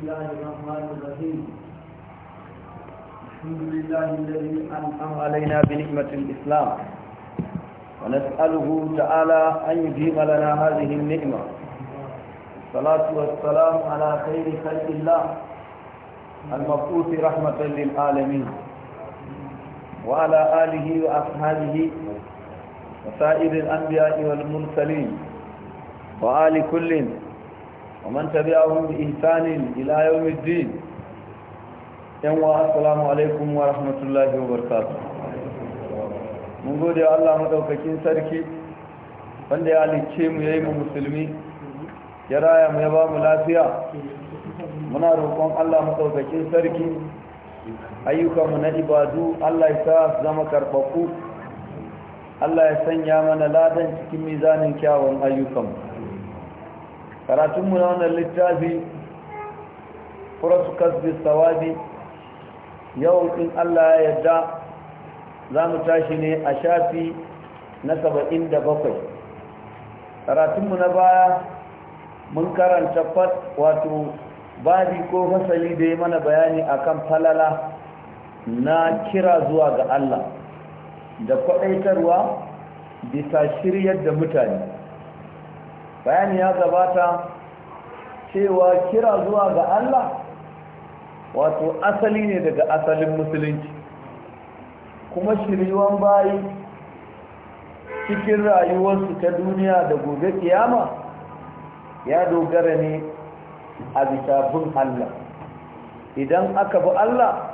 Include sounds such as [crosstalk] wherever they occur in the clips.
الله الرحمن الرحيم الحمد لله الذي أنعم علينا بنعمة الإسلام ونسأله تعالى أن يجيب لنا هذه النعمة الصلاة والسلام على خير خلق الله المبعوث رحمة للعالمين وعلى آله وأصحابه وسائر الأنبياء والمرسلين وآل كل ومن تبعهم بإحسان إلى يوم الدين yanwa assalamu alaikum wa rahmatullahi wa barakatuh mun gode Allah madaukakin sarki wanda ya halicce mu yayi mu musulmi ya raya mu ya ba mu lafiya muna roƙon Allah madaukakin sarki ayyukan mu na ibadu Allah ya sa zama karbaku Allah ya sanya mana ladan cikin mizanin kyawun ayyukan mu karatunmu na wannan littafi furasu kasbi sawabi yau in allah ya yarda za mu tashi ne a shafi na saba'in da bakwai karatunmu na baya mun karanta fat wato babi ko fasali da ya mana bayani akan falala na kira zuwa ga allah da kwaɗaitarwa bisa shiryar da mutane bayani ya gabata cewa kira zuwa ga Allah wato asali ne daga asalin musulunci kuma shiriwan bayi cikin rayuwarsu ta duniya da gobe kiyama ya dogara ne a bisa Allah idan aka bi Allah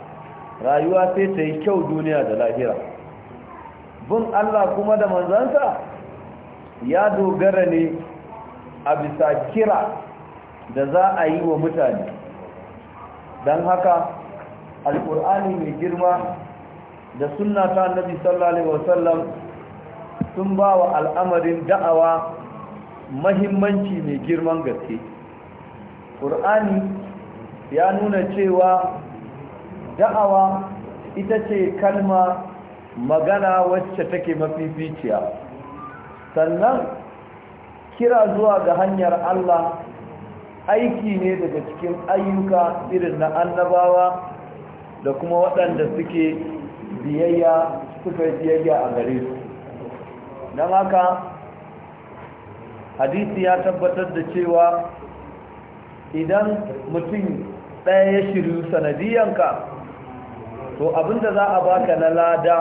rayuwa sai ta yi kyau duniya da lahira bin Allah kuma da manzansa ya dogara ne a bisa kira da za a yi wa mutane don haka Alƙur'ani mai girma da suna ta nabi sallallahu wasallam sun ba wa al'amarin da'awa mahimmanci mai girman gaske ƙur'ani ya nuna cewa da'awa ita ce kalma magana wacce take mafificiya sannan kira zuwa ga hanyar Allah aiki ne daga cikin ayyuka irin na annabawa da kuma waɗanda suke biyayya suka biyayya a gare su don haka hadisi ya tabbatar da cewa idan mutum ɗaya ya shiryu sanadiyanka to abinda za a baka na lada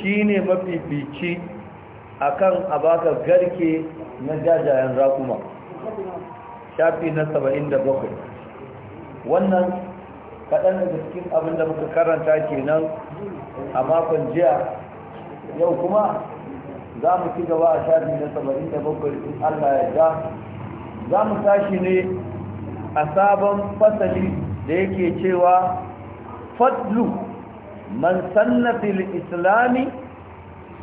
shine mafifici akan a baka garke na jajayen rakuma shafi na saba'in da bakwai wannan kaɗan da cikin abin da muka karanta kenan a makon jiya yau kuma za mu ci gaba a shafi na saba'in da bakwai in allah ya ja za mu tashi ne a sabon fasali da yake cewa fadlu man sannatil islami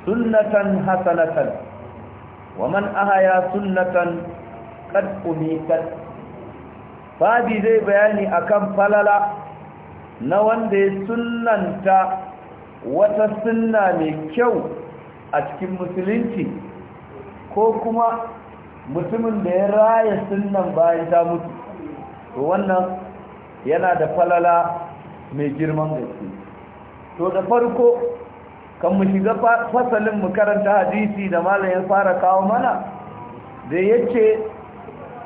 sunnatan hasanatan ومن أهيا sunnatan kad أميتت fadi zai bayani akan falala na wanda ya sunnanta wata sunna mai kyau a cikin musulunci ko kuma mutumin da ya raya sunnan bayan ta mutu to wannan yana da falala mai girman gaske to da farko kan mu shiga fasalin mu karanta hadisi da malamin fara kawo mana da yace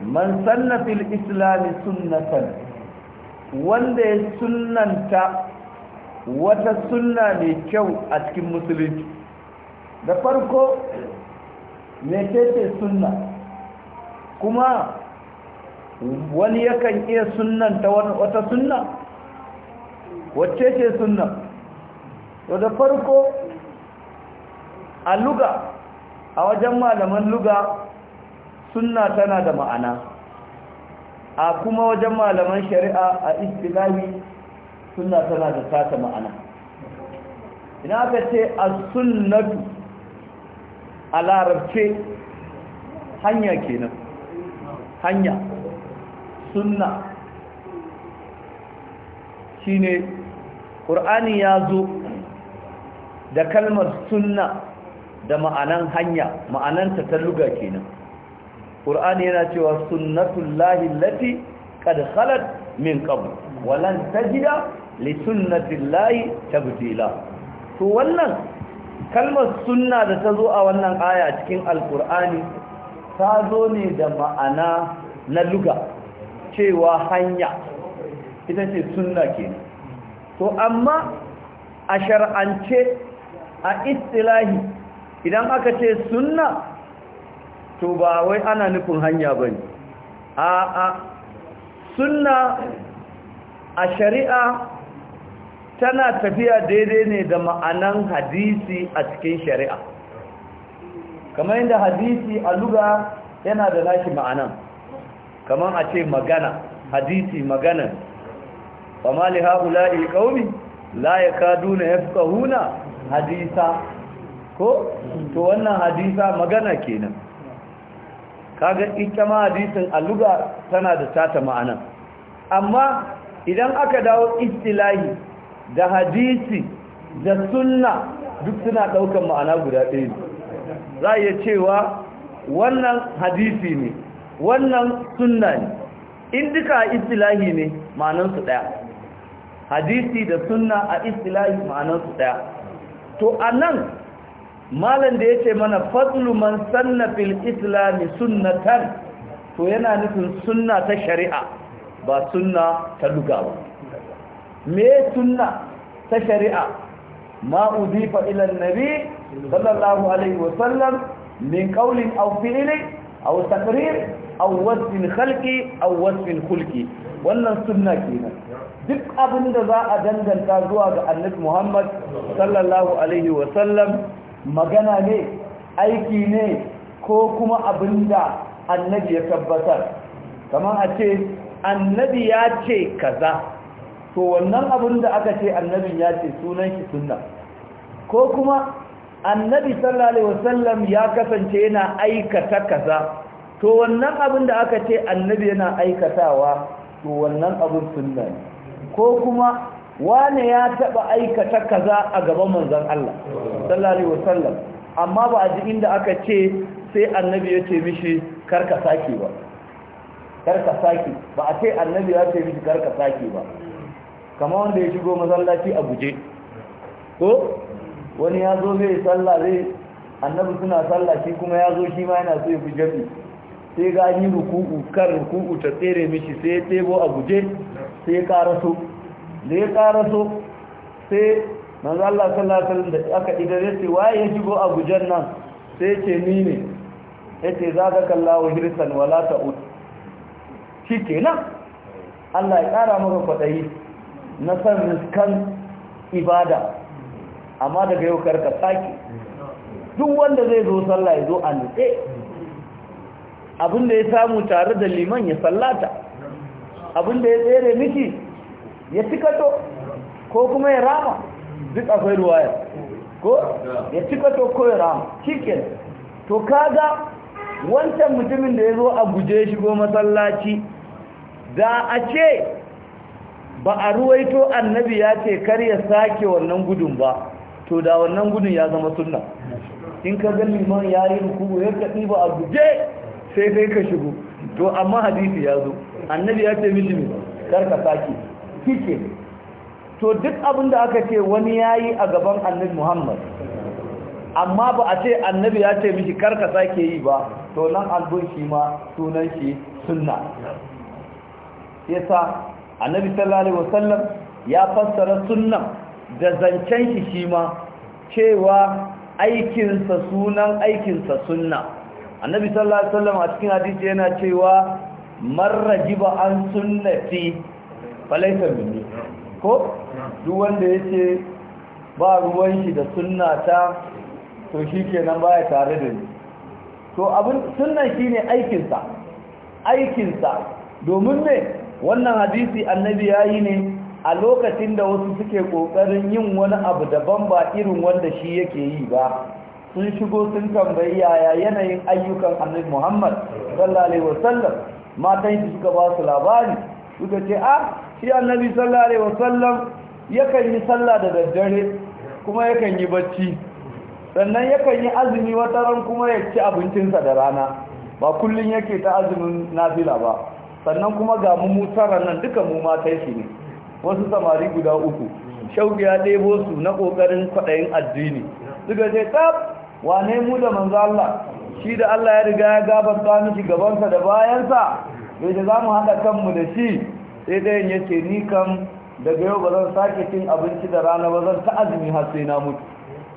man sanna fil islam sunnatan wanda ya sunnanta wata sunna mai kyau a cikin musulunci da farko me ce sunna kuma wani yakan iya sunnanta wata sunna wacce ce sunna to da farko a luga a wajen malaman luga sunna tana da ma'ana a kuma wajen malaman shari'a a istilahi sunna tana da tata ma'ana ina ka ce a sunnatu a larabce hanya kenan hanya sunna shine ƙur'ani ya zo da kalmar sunna da ma'anan hanya ma'anan luga kenan qur'ani yana cewa sunnatullahi lati kada khalat min qabl walan tajida li ta tabdila to wannan kalmar sunna da ta zo a wannan aya cikin alqur'ani ta zo ne da ma'ana na luga cewa hanya ita ce sunna kenan to amma a shar'ance a istilahi idan aka ce sunna to ba wai ana nufin hanya ba ne a a sunna a shari'a tana tafiya daidai ne da ma'anan hadisi a cikin shari'a kamar yadda hadisi a luga yana da nashi ma'ana, kamar a ce magana hadisi magana ba ma haƙula ƙaumi la ya kaduna ya fi hadisa ko to wannan hadisa magana kenan kaga ita ma hadisin aluga tana da tata ma'ana amma idan aka dawo istilahi da hadisi da sunna duk suna daukan ma'ana guda ɗaya za a iya cewa wannan hadisi ne wannan sunna ne in duka istilahi ne ma'anansu ɗaya hadisi da sunna a istilahi ma'anansu ɗaya to a nan malam da yace mana fadlu man sanna fil islam sunnatan to yana nufin sunna ta shari'a ba sunna ta lugawa me sunna ta shari'a ma udifa ila annabi sallallahu alaihi wa sallam min qawlin aw fi'lin aw taqrir aw wasfin khalqi aw wasfin khulqi wannan sunna kenan duk abin da za a danganta zuwa ga annabi Muhammad sallallahu alaihi wa sallam magana ne aiki ne ko kuma abin da annabi ya tabbatar kamar a ce annabi ya ce kaza to wannan abin da aka ce annabin ya ce sunan shi sunna ko kuma annabi sallallahu wasallam ya kasance yana aikata kaza to wannan abin da aka ce annabi yana aikatawa to wannan abin sunna ko kuma wane ya taba aikata kaza a gaban manzon Allah sallallahu alaihi wasallam amma ba a ji inda aka ce sai annabi ya ce mishi karka saki ba karka saki ba a ce annabi ya ce mishi karka saki ba kamar wanda ya shigo masallaci a guje ko wani ya zo zai sallah zai annabi suna sallah shi kuma ya zo shi ma yana so ya fi jami sai ga yi ruku'u kan ruku'u ta tsere mishi sai ya tebo a guje sai ya karaso da ya ƙaraso sai manzo Allah sallallahu da aka idare sai waye ya shigo a gujan nan sai ya ce ni ne yace zaka kallahu hirsan wala ta'ud nan, Allah ya ƙara maka kwaɗayi na san riskan ibada amma daga yau karka saki duk wanda zai zo sallah ya zo a nutse abinda ya samu tare da liman ya sallata abinda ya tsere miki ya cikato ko kuma ya rama duk akwai ruwaya ko ya cikato ko ya rama cikin to kaga wancan mutumin da ya zo a guje shigo masallaci da a ce ba a ruwaito annabi ya ce kar ya sake wannan gudun ba to da wannan gudun ya zama sunna in ka gani man ya yi ya kaɗi ba a guje sai dai ka shigo to amma hadisi ya zo annabi ya ce mishi kar ka sake shike to duk abin da aka ce wani yayi a gaban annabi Muhammad amma ba a ce annabi ya ce miki karka sake yi ba to nan albun shi ma sunan shi sunna yasa annabi sallallahu alaihi wasallam ya fassara sunnan da zancen shi shi ma cewa aikinsa sunan aikinsa sunna annabi sallallahu alaihi wasallam a cikin hadisi yana cewa marrajiba an sunnati falaisa minni ko duk wanda yace ba ruwan shi da sunna ta to shi ba baya tare da ni to abin sunna shi aikin sa aikin domin ne wannan hadisi annabi ya yi ne a lokacin da wasu suke kokarin yin wani abu daban ba irin wanda shi yake yi ba sun shigo sun tambayi yaya yanayin ayyukan annabi Muhammad sallallahu alaihi wasallam matan shi suka ba su labari suka ce a ah, shi annabi sallallahu alaihi wasallam yakan yi sallah da daddare kuma yakan yi bacci sannan yakan yi azumi wata ran kuma ya ci abincinsa da rana ba kullun yake ta azumin nafila ba sannan kuma ga mu mutaran nan duka mu matai shi ne wasu samari guda uku shauki ya ɗebo su na ƙoƙarin kwaɗayin addini suka ce tsab wane mu da manzo Allah shi da Allah ya riga ya gabata miki gabansa da bayansa bai da za mu haɗa kanmu da shi sai ɗayan ya ce ni kam daga yau ba zan sake cin abinci da rana ba zan ta azumi har sai na mutu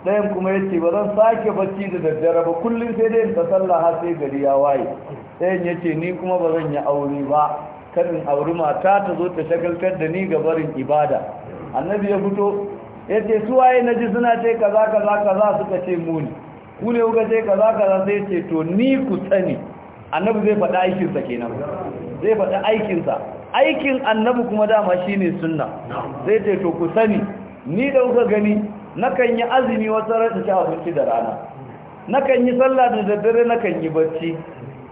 ɗayan kuma ya ce ba zan sake bacci da daddare ba kullum sai dai ta sallah har sai gari ya waye ɗayan ya ce ni kuma ba zan yi aure ba kadin auri mata ta zo ta shagaltar da ni ga barin ibada annabi ya fito ya ce su waye na ji suna ce kaza kaza kaza suka ce muni ku ne kuka ce kaza kaza sai ce to ni ku sani annabi zai faɗa aikinsa kenan zai faɗa aikinsa aikin annabi kuma dama shine suna, zai ce to ku sani ni da kuka gani kan yi azumi wata rana ta abinci da rana Na kan yi sallah da daddare kan yi bacci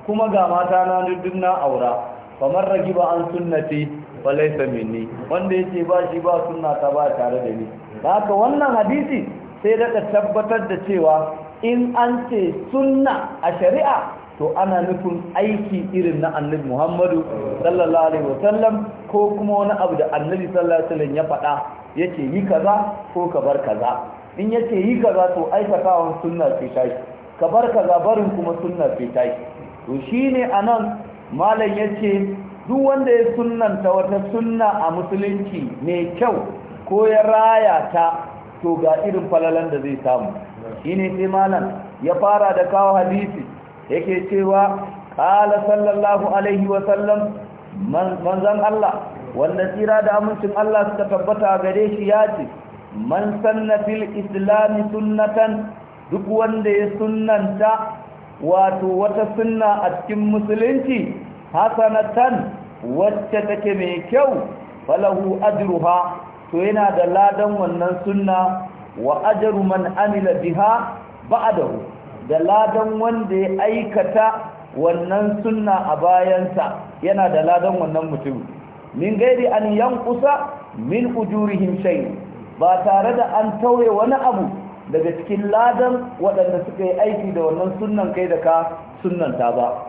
kuma ga mata na dudun na aura kamar ragi ba an sunnati falaisa minni wanda yake ba shi ba suna ta ba tare da ni haka wannan hadisi sai daga tabbatar da cewa in an ce sunna a shari'a to ana nufin aiki irin na annabi Muhammadu sallallahu alaihi wasallam ko kuma wani abu da annabi sallallahu alaihi wasallam ya faɗa yake yi kaza ko ka bar kaza in yake yi kaza to aikatawan sunna ce ta ka bar kaza barin kuma sunna ce ta to shine anan malam yace duk wanda ya sunnanta wata sunna a musulunci ne kyau ko ya raya ta to ga irin falalan da zai samu shine sai malam ya fara da kawo hadisi yake cewa qala sallallahu alaihi wa sallam manzan Allah wanda tsira da amincin Allah suka tabbata gare shi ya ci, man sanna fil islam sunnatan duk wanda ya sunnanta wato wata sunna a cikin musulunci hasanatan wacce take mai kyau falahu ajruha to yana da ladan wannan sunna wa ajru man amila biha ba'dahu da ladan wanda ya aikata wannan sunna a bayansa yana da ladan wannan mutum min gairi an kusa min ujurihim shay ba tare da an tauye wani abu daga cikin ladan waɗanda suka yi aiki da wannan sunnan kai da ka sunnanta ba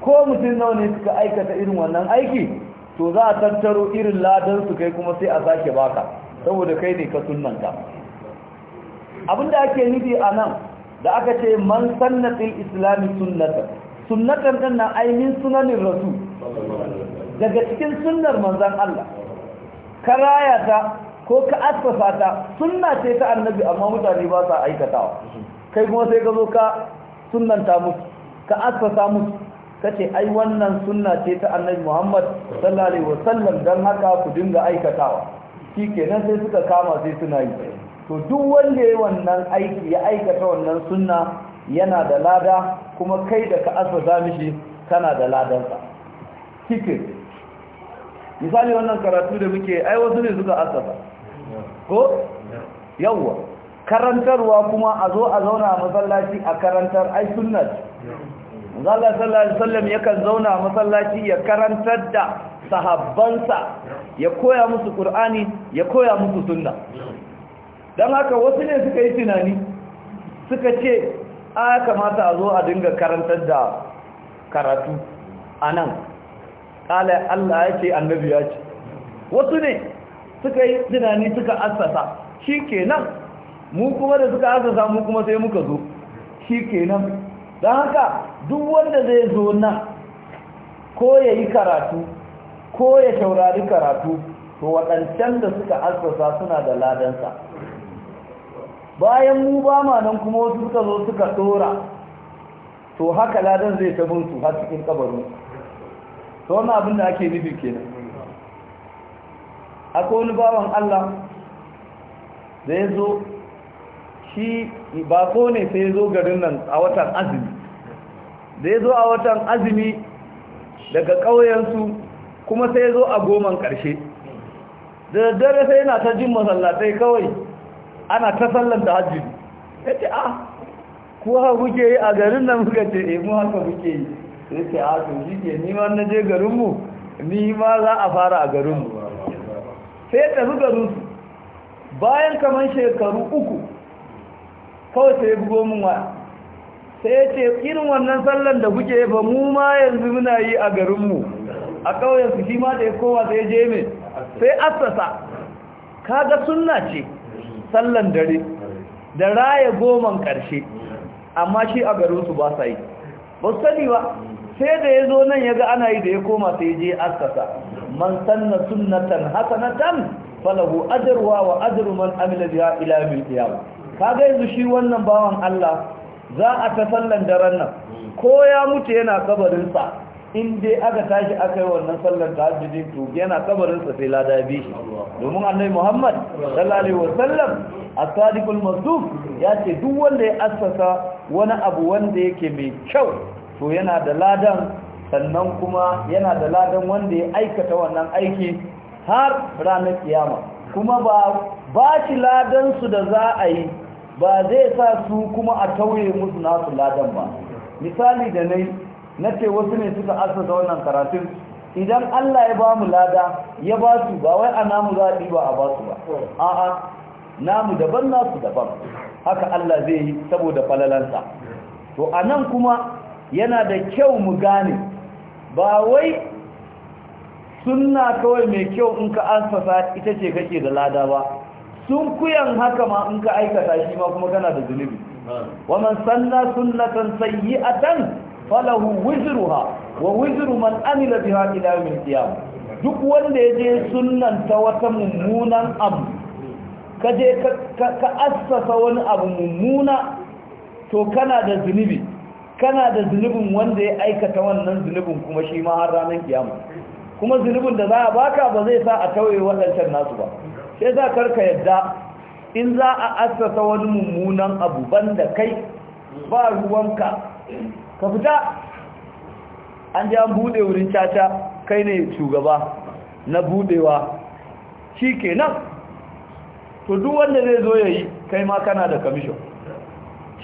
ko mutum nawa ne suka aikata irin wannan aiki to za a tattaro irin ladan su kai kuma sai a sake baka saboda kai ne ka sunnanta abinda ake nufi a nan da aka ce man sannatin islami islam sunnata sunnatar din nan ainihin sunanin rasu daga cikin sunnar manzan Allah ka raya ta ko ka asfasa ta sunna ce ta annabi amma mutane ba sa aikatawa kai kuma sai ka zo ka sunanta musu ka asfasa musu ce ai wannan sunna ce ta annabi Muhammad sallallahu alaihi wasallam don haka ku dinga aikatawa kenan sai suka kama sai suna yi to duk wanda ya wannan aiki ya aikata wannan sunna yana da lada kuma kai da ka asasa mishi kana da ladansa cikin misali wannan karatu da muke ai wasu ne suka asaba. ko yawwa karantarwa kuma a zo a zauna a masallaci a karantar ai sunna Allah sallallahu alaihi wasallam yakan zauna a masallaci ya karantar da sahabbansa ya koya musu qur'ani ya koya musu sunna don haka wasu ne suka yi tunani suka ce a kamata a zo a dinga karantar da karatu a nan ƙala Allah ya ce annabi ya ce wasu ne suka yi tunani suka asasa shi kenan mu kuma da suka asasa mu kuma sai muka zo shi kenan don haka duk wanda zai zo nan ko ya yi karatu ko ya shaurari karatu to waɗancan da suka asasa suna da ladansa bayan mu ba ma nan kuma wasu suka zo suka tsora to haka ladan zai ta bin su har cikin kabarin to wannan abin da ake nufi kenan akwai wani bawan Allah da ya zo shi bako ne sai ya zo garin nan a watan azumi da ya zo a watan azumi daga ƙauyensu kuma sai ya zo a goman ƙarshe da daddare sai yana ta jin masallatai kawai ana ta sallan da hajji ya ce a ah, kuwa kuke yi a garin nan muka ce e mu haka kuke yi ya ce a ah, to shi ke nima na je garinmu ni ma za a fara a garinmu sai ya tafi garinsu bayan kamar shekaru uku kawai sai ya bugo min waya sai ya ce irin wannan sallan da kuke ba mu ma yanzu muna yi a garinmu a su shi ma da ya kowa sai ya je mai sai assasa kaga sunna ce sallan dare da raya goman ƙarshe amma shi a garinsu ba sa yi ba su sani ba sai da ya zo nan ya ga ana yi da ya koma sai je askasa man sanna sunnatan hasanatan falahu ajruha wa ajru man amila biha ila yawmil qiyamah kaga yanzu shi wannan bawan Allah za a ta sallan daren nan ko ya mutu yana kabarin sa in dai aka tashi aka yi wannan sallar hajji to yana kabarin sa sai lada bi shi domin annabi Muhammad sallallahu alaihi wasallam as-sadiqul masduq ya ce duk wanda ya assasa wani abu wanda yake mai kyau to yana da ladan sannan kuma yana da ladan wanda ya aikata wannan aiki har ranar kiyama kuma ba ba shi ladan su da za a yi ba zai sa su kuma a tauye musu nasu ladan ba misali da nayi na ce wasu ne suka asasa wannan karatun idan Allah ya ba mu lada ya ba su ba wai a namu za a ɗiba a ba su ba a'a namu daban nasu daban haka Allah zai yi saboda falalansa to a nan kuma yana da kyau mu gane ba wai sunna kawai mai kyau in ka asasa ita ce kake da lada ba sun kuyan haka ma in ka aikata shi ma kuma kana da zunubi wa man sanna sunnatan sayyi'atan falahu wizruha wa wizru man amila biha ila yawmil qiyamah duk wanda yaje sunnan ta wata mummunan abu kaje je ka assasa wani abu mummuna to kana da zunubi kana da zunubin wanda ya aikata wannan zunubin kuma shi ma har ranar kiyama kuma zunubin da za a baka ba zai sa a tauye waɗancan nasu ba sai za karka yadda in za a assasa wani mummunan abu banda kai ba ruwanka ka fita an ji an bude wurin caca kai ne shugaba na budewa shi nan, to duk wanda zai zo ya yi kai ma kana da kamishon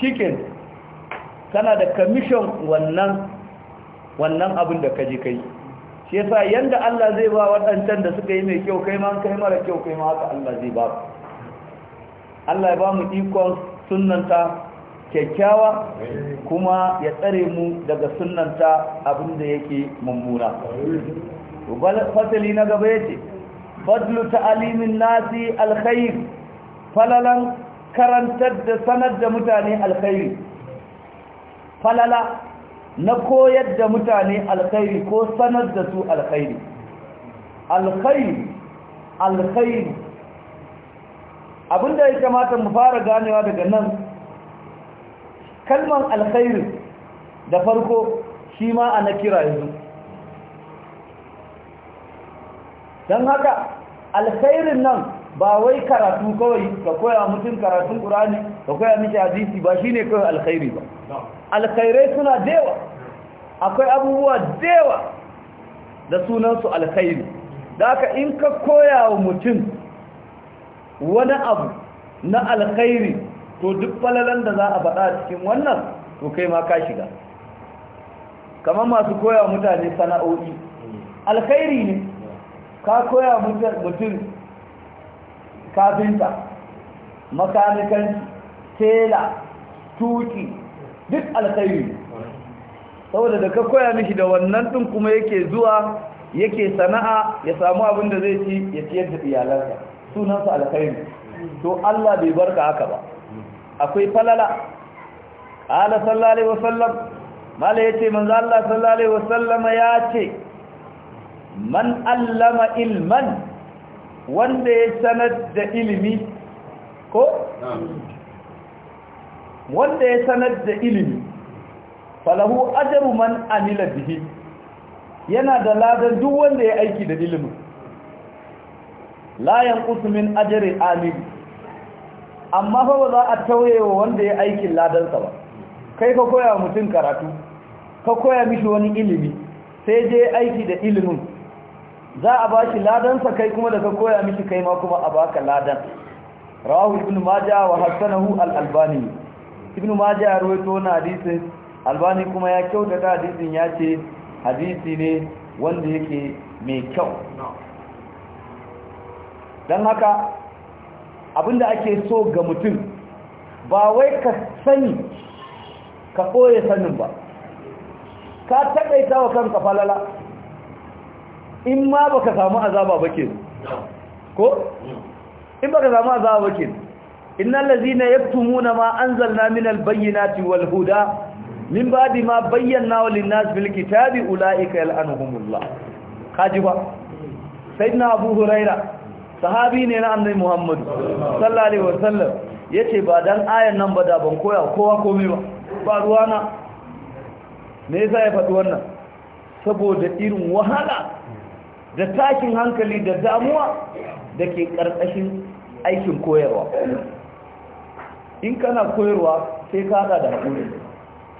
shi ke kana da kamishon wannan wannan abin da ka ji kai shi yasa yanda Allah zai ba waɗancan da suka yi mai kyau kai ma kai mara kyau kai ma haka Allah zai ba Allah ya ba mu ikon sunanta. kyakkyawa kuma ya tsare mu daga sunanta abinda yake mummuna fasali na gaba ya ce, fadlu ta'alimin nasi alkhair falalan karantar da sanar da mutane alkhairi falala na koyar da mutane alkhairi ko sanar da su alkhairi alkhairi alkhairi abinda ya kamata mu fara ganewa daga nan kalman alkhairu da farko shi ma a na kira yanzu don haka alkhairin nan ba wai karatu kawai ka koya mutum karatun ƙurani ka koya miki hadisi ba shine kawai alkhairi ba alkhairai suna dewa akwai abubuwa dewa da sunansu alkhairi da haka in ka koya wa mutum wani abu na alkhairi to duk falalan da za a faɗa a cikin wannan to kai ma ka shiga kamar masu koya mutane sana'o'i alkhairi ne ka koya mutum kafinta makanikan tela tuki duk alkhairi saboda da ka koya mishi da wannan ɗin kuma yake zuwa yake sana'a ya samu abin da zai ci ya ciyar da iyalarsa sunansa alkhairi to Allah bai barka haka ba akwai falala ala sallallahu alaihi wasallam mala yace manzo Allah sallallahu alaihi wasallam yace man allama ilman wanda ya sanar da ilimi ko wanda ya sanar da ilimi falahu ajru man amila bihi yana da ladan duk wanda ya aiki da ilimin la yanqus min ajri amili amma fa ba za a tauyewa wa wanda ya aikin ladansa ba kai ka koya mutum karatu ka koya mishi wani ilimi sai je aiki da ilimin za a bashi ladansa kai kuma da ka koya mishi kai ma kuma a baka ladan rawahu ibn maja wa hasanahu al-albani ibn ya rawaito wani hadisin albani kuma ya kyautata hadisin ya ce hadisi ne wanda yake mai kyau don haka abinda ake so ga mutum ba wai ka sani ka ɓoye sanin ba ka taɗaita wa kanka falala in ma ba ka samu azaba ba ke ko? in ba ka samu azaba ba ke innan lazina ya tumuna ma an zalna min albayyana wal huda min ba di ma bayyana wa linnas bil kitabi ula'ika Ka ji ba sayyidina abu huraira sahabi ne na annabi Muhammadu. sallallahu alaihi wasallam yace ba dan ayan nan ba da ban koya kowa komai ba ba ruwana me yasa ya faɗi wannan saboda irin wahala da takin hankali da damuwa da ke ƙarƙashin aikin koyarwa in kana koyarwa sai ka haɗa da hakuri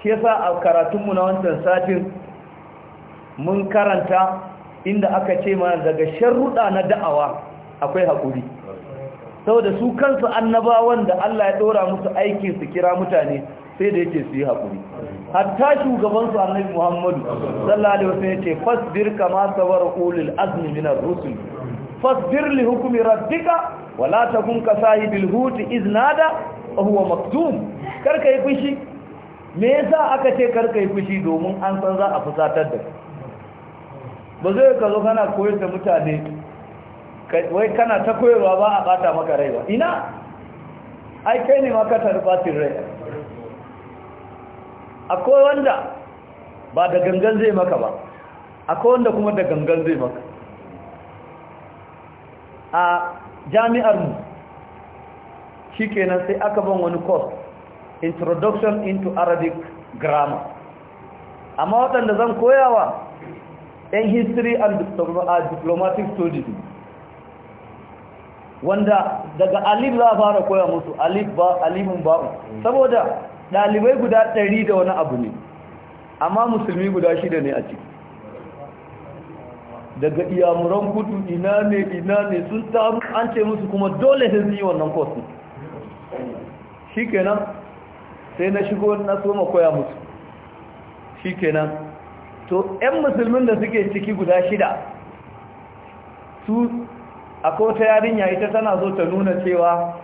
shi yasa a karatunmu na wancan satin mun karanta inda aka ce mana daga sharruɗa na da'awa akwai haƙuri saboda su kansu annabawan da Allah ya ɗora musu aikin su kira mutane sai da yake su yi haƙuri hatta shugabansu annabi muhammadu sallallahu alaihi wasallam yace fasbir kama sabar ulul azmi min ar-rusul fasbir li hukmi rabbika la takun ka sahibil huti iznada wa huwa maktum karka yi fushi me yasa aka ce karka yi fushi domin an san za a fusatar da ba zai ka zo kana koyar da mutane wai kana ta koyarwa ba a bata maka rai ba ina ai kai ne maka tarbatin rai akwai wanda ba da gangan zai maka ba akwai wanda kuma da gangan zai maka a jami'ar mu shi kenan sai aka ban wani course introduction into arabic grammar amma waɗanda zan koyawa 'yan history and diplomatic studies wanda daga alif za a fara koya musu alif ba alimun ba'u saboda dalibai guda ɗari da wani abu ne amma musulmi guda shida ne a ciki daga iyamuran kudu ina ne ina ne sun samu an ce musu kuma dole sun yi wannan kotu shikenan sai na shigo na so ma koya musu shikenan to 'yan musulmin da suke ciki guda shida su akwai wata yarinya ita tana zo ta nuna cewa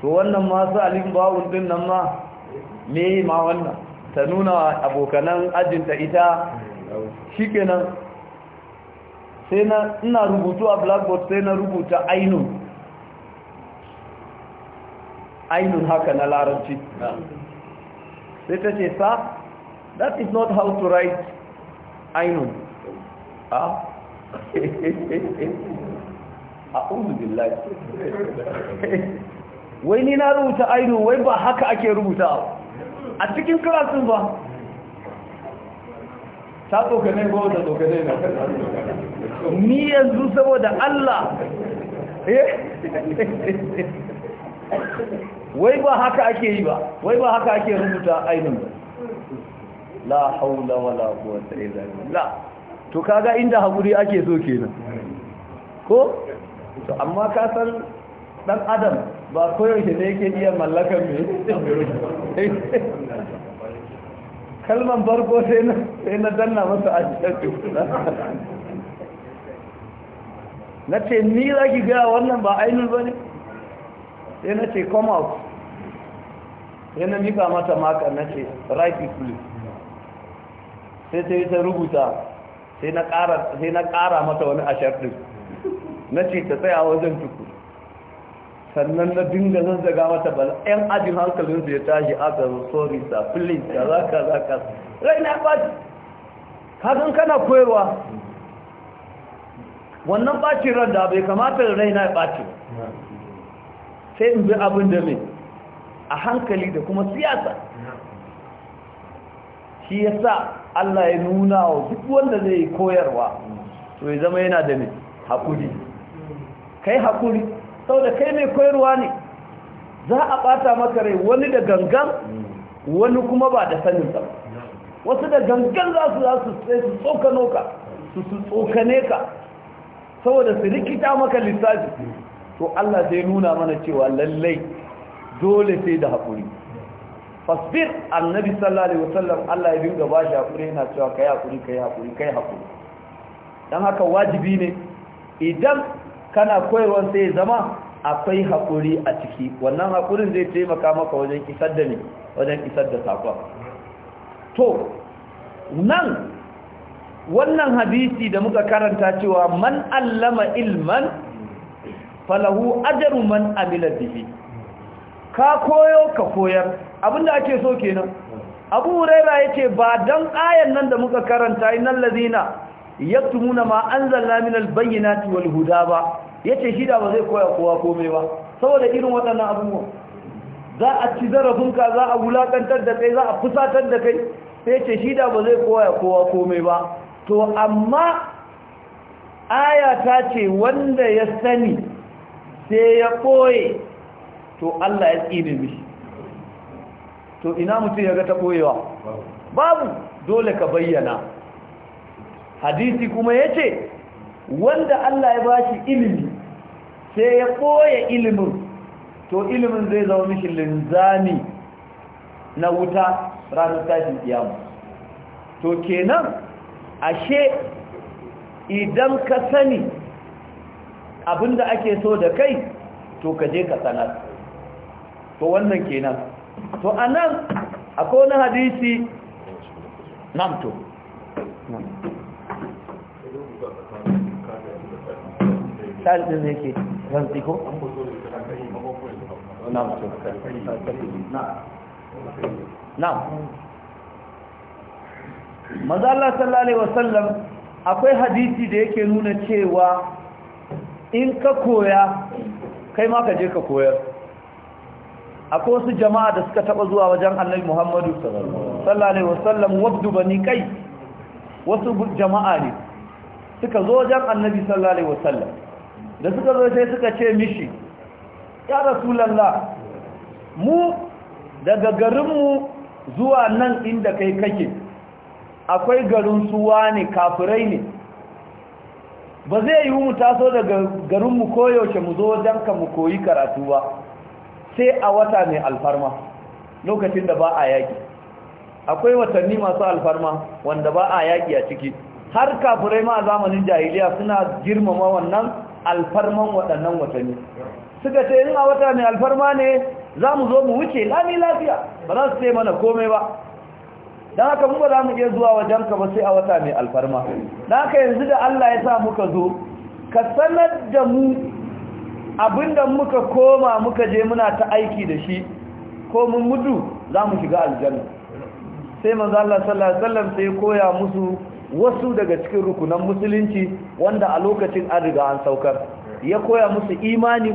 to wannan masu alin bawul din nan ma me ma wannan ta nuna abokanan ajinta ita shikenan sai na ina rubutu a blackboard sai na rubuta ainun ainun haka na larabci sai ta ce sa that is not how to write ainun ah [laughs] a'udhu billahi wai ni na rubuta aido wai ba haka ake rubuta a cikin karatun ba ta ne ba wata tsokanai na ni yanzu saboda Allah eh? wai ba haka ake yi ba wai ba haka ake rubuta aido ba la haula wala quwwata illa billah to kaga inda hakuri ake so kenan ko to amma ka san dan adam ba koyaushe ne yake iya mallakar me kalman farko sai na danna masa a na ce ni za ki gaya wannan ba ainihin ba ne sai na ce come out sai na mika mata maka na ce right equally sai ta yi ta rubuta sai na kara mata wani ashirin na ce ta tsaya wajen tuku sannan na dinga zazzaga mata bala yan ajin hankalin ya tashi aka zo sorry sa please ka za ka za ka rai na ɓaci kazan kana koyarwa wannan ɓacin ran da bai kamata rai na ɓaci sai in bi abin da mai a hankali da kuma siyasa shi ya sa Allah ya nuna wa duk wanda zai koyarwa to ya zama yana da mai haƙuri kai hakuri saboda kai mai koyarwa ne za a bata maka rai wani da gangan wani kuma ba da sanin ba wasu da gangan za su za su su tsokano ka su su tsokane ka saboda su rikita maka lissafi to Allah zai nuna mana cewa lallai dole sai da hakuri fasbir annabi sallallahu alaihi wasallam Allah ya dinga ba shi hakuri yana cewa kai hakuri kai hakuri kai hakuri dan haka wajibi ne idan kana koyarwan sai zama akwai haƙuri a ciki wannan haƙurin zai taimaka maka wajen isar da ne wajen isar da saƙon to nan wannan hadisi da muka karanta cewa man allama ilman falahu ajaru man amila bihi ka koyo ka koyar abinda ake so kenan abu huraira yake ba dan ayan nan da muka karanta innal ladina yaktumuna ma anzalna minal bayyinati wal huda ba yace shi da ba zai koya kowa komai ba saboda irin waɗannan abubuwa za a ci zarafinka za a wulakantar da kai za a fusatar da kai sai ce shi da ba zai koya kowa komai ba to amma aya ta ce wanda ya sani sai ya ɓoye to Allah ya tsine mishi to ina mutum ya ga ta koyewa babu dole ka bayyana hadisi kuma ya ce wanda Allah ya bashi ilimi sai ya koya ilimin to ilimin zai zama mishi linzami na wuta ranar tashin kiyama to kenan ashe idan ka sani abinda ake so da kai to ka je ka sanar to wannan kenan to anan akwai wani hadisi namto talib ne yake rantsi ko na'am maza Allah sallallahu alaihi wasallam akwai hadisi da yake nuna cewa in ka koya kai ma ka je ka koyar akwai wasu jama'a da suka taba zuwa wajen annabi Muhammadu sallallahu alaihi wasallam wabdu bani kai wasu jama'a ne suka zo wajen annabi sallallahu alaihi wasallam da suka zo sai suka ce mishi ya rasulallah mu daga garinmu zuwa nan inda kai kake akwai garin suwa ne kafirai ne ba zai yi mu taso daga garinmu koyaushe mu zo ka mu koyi karatu ba sai a wata mai alfarma lokacin da ba a yaƙi akwai watanni masu alfarma wanda ba a yaƙi a ciki har kafirai ma a zamanin jahiliya suna girmama wannan alfarman waɗannan watanni suka ce in a wata mai alfarma ne za mu zo mu wuce lami lafiya ba za su ce mana komai ba don haka mu ba za mu iya zuwa wajen ka ba sai a wata mai alfarma don haka yanzu da Allah ya sa muka zo ka sanar da mu abinda muka koma muka je muna ta aiki da shi ko mun mudu za mu shiga aljanna sai manzo Allah sallallahu alaihi wasallam sai koya musu wasu daga cikin rukunan musulunci wanda a lokacin an riga an saukar ya koya musu imani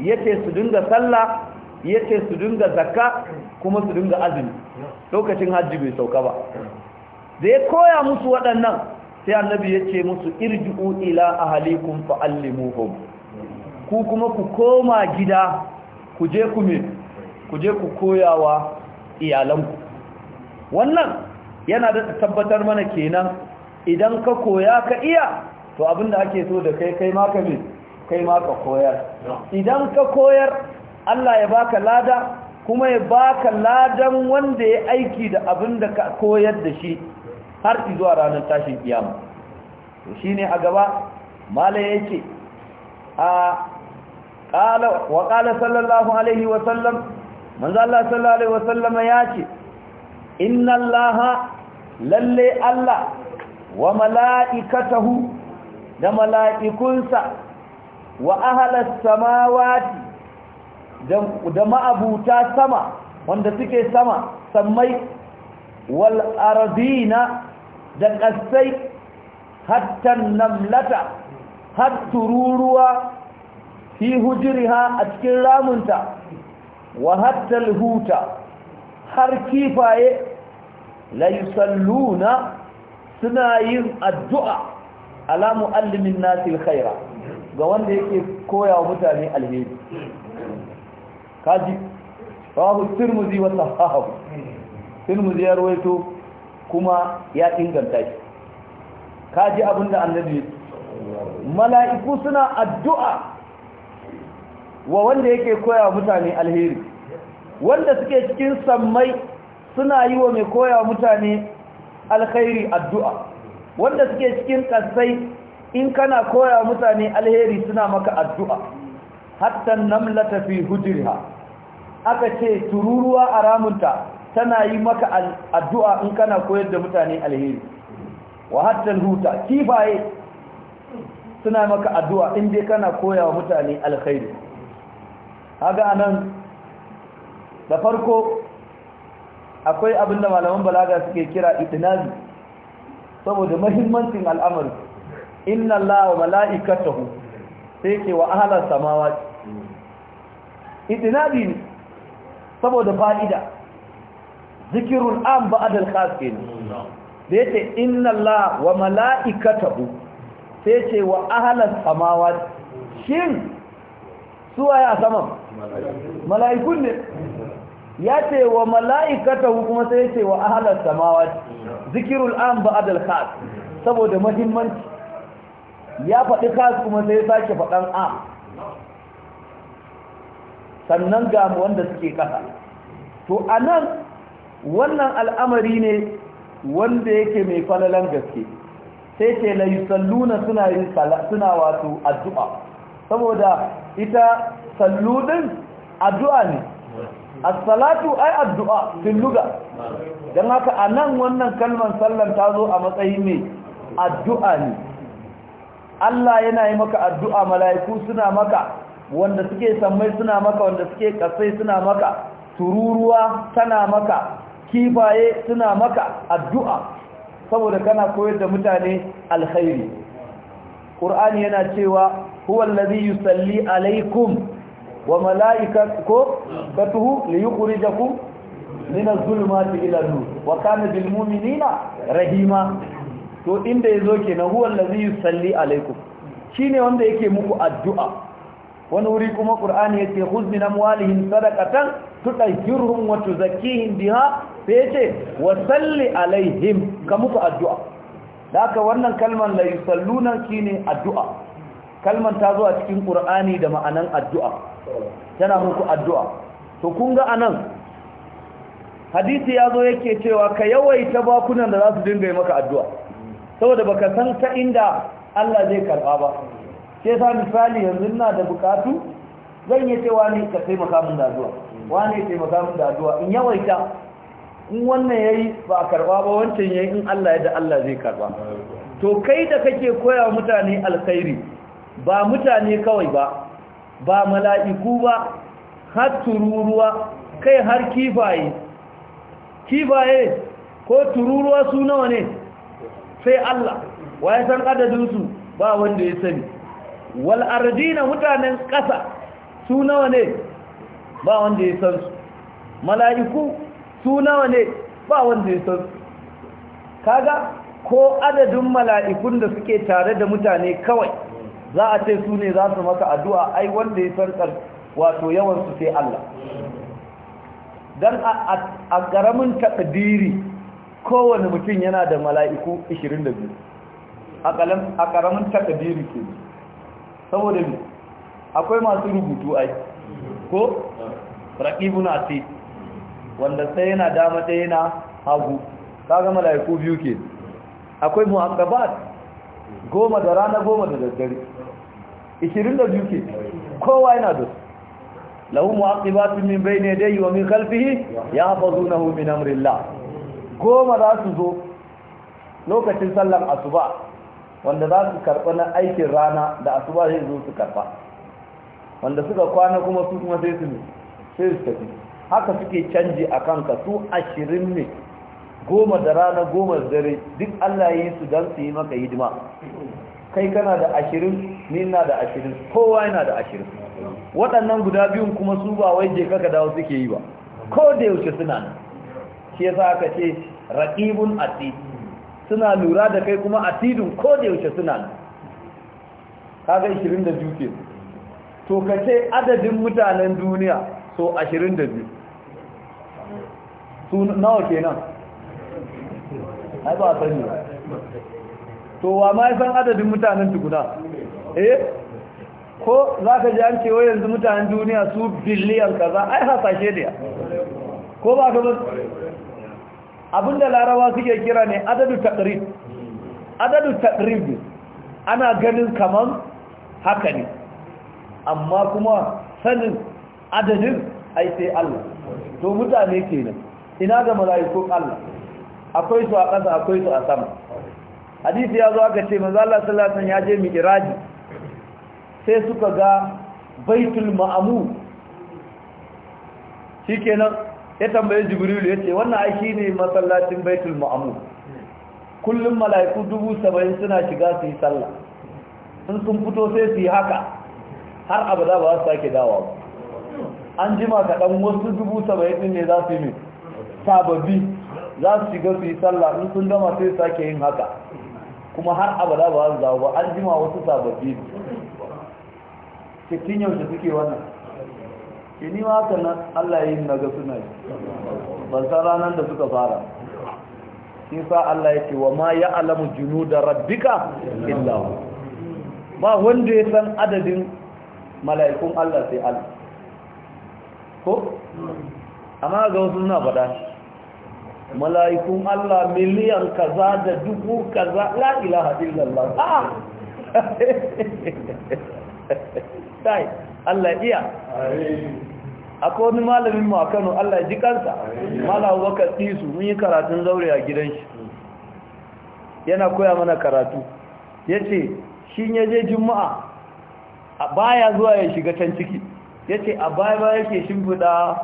yace su dinga sallah yace su dinga zakka kuma su dinga azumi lokacin hajji bai sauka ba da ya koya musu waɗannan sai annabi ya ce musu irji'u ila ahlikum fa'allimuhum ku kuma ku koma gida ku je ku me ku je ku koyawa iyalanku wannan yana da tabbatar mana kenan idan ka koya ka iya to abin da ake so da kai kai ma ka bi kai ma ka koyar idan ka koyar Allah ya baka lada kuma ya baka ladan wanda ya aiki da abin da ka koyar da shi har zuwa ranar tashin kiyama to shine a gaba malai yake a qala wa qala sallallahu alaihi wa sallam manzo Allah sallallahu alaihi wa sallama yace inna Allah lalle Allah wa mala'ikatahu da mala'ikunsa wa ahalar samawati da ma'abuta sama wanda suke sama sammai wal ardina da ƙasai hatta namlata har tururuwa fi hujriha a cikin ramunta wa hatta huta har kifaye la yusalluna suna yin addu'a ala muallimin nasi alkhaira ga wanda yake koya wa mutane alheri kaji rawahu tirmidhi wa sahahu tirmidhi ya rawaito kuma ya inganta shi kaji abinda annabi mala'iku suna addu'a wa wanda yake koya wa mutane alheri wanda suke cikin sammai suna yi wa mai koya mutane alkhairi addu'a wanda suke cikin kasai in kana koya mutane alheri suna maka addu'a hatta namlata fi hujriha aka ce tururuwa a ramunta tana yi maka addu'a in kana koyar da mutane alheri wa hatta huta kifaye suna maka addu'a in dai kana koya mutane alkhairi haga anan da farko akwai abin da malaman balaga suke kira itinazi saboda mahimmancin al'amari inna allaha wa mala'ikatahu sai ke wa ahlan samawati itinazi ne saboda fa'ida zikirul am ba'da al-khas ne da yace inna allaha wa mala'ikatahu sai ce wa ahlan samawati shin suwaye a saman mala'ikun ne ya ce wa mala'ikata kuma sai ya ce wa ahalar samawa zikirul an adal khas saboda mahimmanci ya faɗi khas kuma sai ya sake faɗan am sannan ga wanda suke ƙasa to a nan wannan al'amari ne wanda yake mai falalan gaske sai ce la salluna suna yin suna wato addu'a saboda ita salludin addu'a ne as-salatu ay addu'a fil lugha dan haka anan wannan kalman sallan ta zo a matsayin ne addu'a ne Allah yana yi maka addu'a mala'iku suna maka wanda suke sammai suna maka wanda suke kasai suna maka tururuwa tana maka kifaye suna maka addu'a saboda kana koyar da mutane alkhairi Qur'ani yana cewa huwallazi yusalli alaikum wa mala'ika ko batuhu li yukhrijakum min az-zulumati ila an-nur wa kana bil mu'minina rahima to inda yazo kenan huwa allazi yusalli alaikum shine wanda yake muku addu'a wani wuri kuma qur'ani yace khudh min amwalihim sadaqatan tudahhiruhum wa tuzakkihim biha sai yace wa salli alaihim ka muku addu'a da haka wannan kalman la yusalluna shine addu'a kalman ta zo a cikin qur'ani da ma'anan addu'a tana muku addu'a to kun ga anan hadisi ya zo yake cewa ka yawaita bakunan da za su dinga yi maka addu'a saboda baka san ta inda Allah zai karba ba Ke sa misali yanzu na da bukatu zan yi cewa ne ka taimaka min da addu'a wane taimaka min da addu'a in yawaita in wannan yayi ba a karba ba wancan yayi in Allah ya da Allah zai karba to kai da kake koya mutane alkhairi ba mutane kawai ba ba mala'iku ba har tururuwa kai har kifaye kifaye ko tururuwa su nawa ne sai Allah waye san adadinsu ba wanda ya sani wal ardina mutanen ƙasa su nawa ne ba wanda ya san su mala'iku su nawa ne ba wanda ya san su kaga ko adadin mala'ikun da suke tare da mutane kawai za a ce su ne za su maka addu'a ai wanda ya san wato yawan su sai Allah Don a ƙaramin taɗiri kowane mutum yana da mala'iku 22 a ƙaramin taɗiri ke saboda ne akwai masu rubutu ai ko raqibun ce wanda sai yana dama ta yana hagu ga mala'iku biyu ke akwai mu'aqabat goma da rana goma da daddare 22 ke kowa yana da lahu mu'aqibatun min bayni yadayhi wa min khalfihi yahfazunahu min amrillah goma za su zo lokacin sallar asuba wanda za su karɓa na aikin rana da asuba zai zo su karɓa wanda suka kwana kuma su kuma sai su sai su tafi haka suke canji a kanka su ashirin ne goma da rana goma da dare duk Allah ya yi su don su yi maka hidima kai kana da ashirin ni ina da ashirin kowa yana da ashirin waɗannan guda biyun kuma su ba wai je kaka dawo suke yi ba ko da yaushe suna nan shi yasa aka ce raqibun atid suna lura da kai kuma atidun ko da yaushe suna nan kaga 20 da juke to kace adadin mutanen duniya so 22 su nawa kenan ai ba sani ba to wa ma san adadin mutanen tukuna eh ko za ka ji an cewa yanzu mutanen duniya su biliyan kaza ai hasashe ne ko ba ka zai abinda larawa suke kira ne adadu takrib adadu takrib ana ganin kamar haka ne amma kuma sanin adadin ai sai Allah to mutane kenan ina ga mala'iku Allah akwai su a ƙasa akwai su a sama hadisi ya zo aka ce manzo Allah sallallahu alaihi wasallam ya je mi'raji sai suka ga baitul shi kenan ya tambaye jibrilu ce, wannan aiki ne masallacin baitul ma'amu kullum mala'iku dubu saba'in suna shiga su yi sallah sun sun fito sai su yi haka har abada ba su sake dawa ba an jima kaɗan wasu dubu saba'in ne za su yi sababbi za su shiga su yi sallah sun gama sai sake yin haka kuma har abada ba za ba an jima wasu sababbi cikin yaushe suke wannan ke ni haka nan Allah yi naga suna yi ban san ranar da suka fara shi sa Allah ya ce wa ma ya alamu junu da rabbika illahu ba wanda ya san adadin mala'ikun Allah sai Allah ko amma ga wasu suna faɗa mala'ikun Allah miliyan kaza da dubu kaza la ilaha illallah ah sai [laughs] Allah iya akwai wani malamin mu a Kano Allah ji kansa malamu baka tsisu mun yi karatun zaure a gidan shi yana koya mana karatu yace ne je juma'a baya zuwa ya shiga can ciki yace a baya ba yake shimfida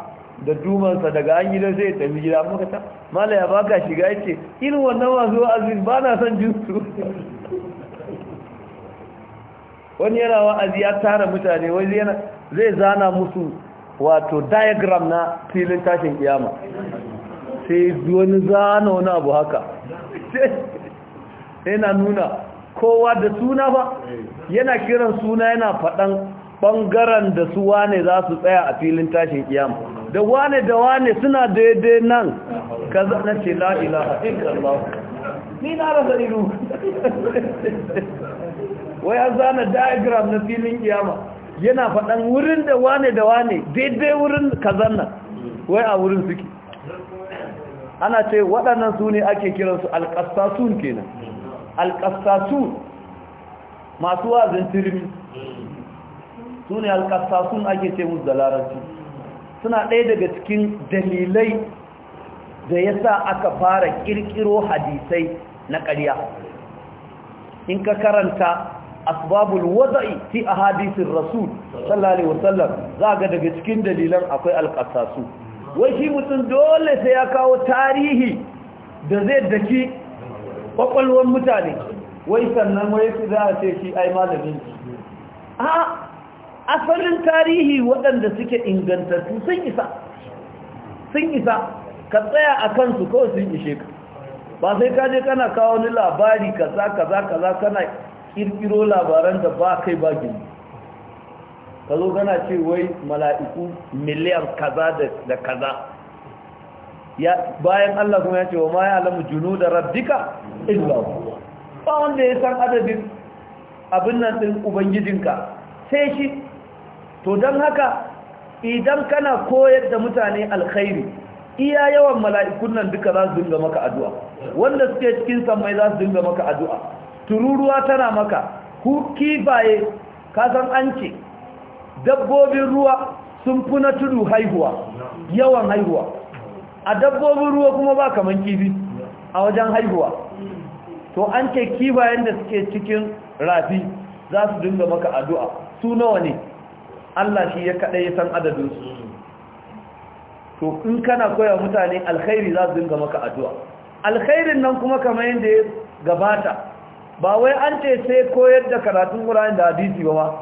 da dumansa daga an gidan sai ya tafi gida muka ta mala ya baka shiga ya ce irin wannan masu wa'azi ba na son jin su [laughs] wani yana wa'azi ya tara mutane wani yana zai zana musu wato diagram na filin tashin kiyama sai wani zana wani abu haka [laughs] yana nuna kowa da suna ba yana kiran suna yana faɗan ɓangaren da suwa ne za su tsaya a filin tashin kiyama da wane da wane suna daidai nan ka zana ce la'ila a illallah ni na rasa ilu wai an zana diagram na filin kiyama yana faɗan wurin da wane da wane daidai wurin ka nan wai a wurin suke ana ce waɗannan su ne ake kiransu alƙasasun kenan alƙasasun masu wazin turmi su ne alƙasasun ake ce musu da larabci suna ɗaya daga cikin dalilai da ya sa aka fara ƙirƙiro hadisai na ƙarya in ka karanta asbabul wada'i fi ahadithir rasul sallallahu alaihi wasallam ga daga cikin dalilan akwai alƙasasu wai shi mutum dole sai ya kawo tarihi da zai daki ƙwaƙwalwar mutane wai sannan wai su za a ce shi ai malamin a asalin tarihi waɗanda suke ingantattu sun isa sun isa ka tsaya a kansu kawai sun ishe ka ba sai ka je kana kawo ni labari kaza kaza kaza kana kirkiro labaran da ba kai ba gini ka zo gana ce wai mala'iku miliyan kaza da kaza bayan Allah kuma ya ce wa ma ya alamu junu da rabdika illa ba wanda ya san adadin abin nan ɗin ubangijinka sai shi to don haka idan kana koyar da mutane alkhairi iya yawan mala'ikun nan duka za su dinga maka addu'a wanda suke cikin samai za su dinga maka addu'a tururuwa tana maka ku kifaye ka san an ce dabbobin ruwa sun fi na tudu haihuwa yawan haihuwa a dabbobin ruwa kuma ba kaman kifi a wajen haihuwa to an ce kifayen da suke cikin rafi za su dinga maka addu'a su nawa ne Allah shi ya kaɗai ya san su, to in kana koya mutane alkhairi za su dinga maka addu'a alkhairin nan kuma kamar yadda ya gabata ba wai an ce sai koyar da karatun ƙura'in da hadisi ba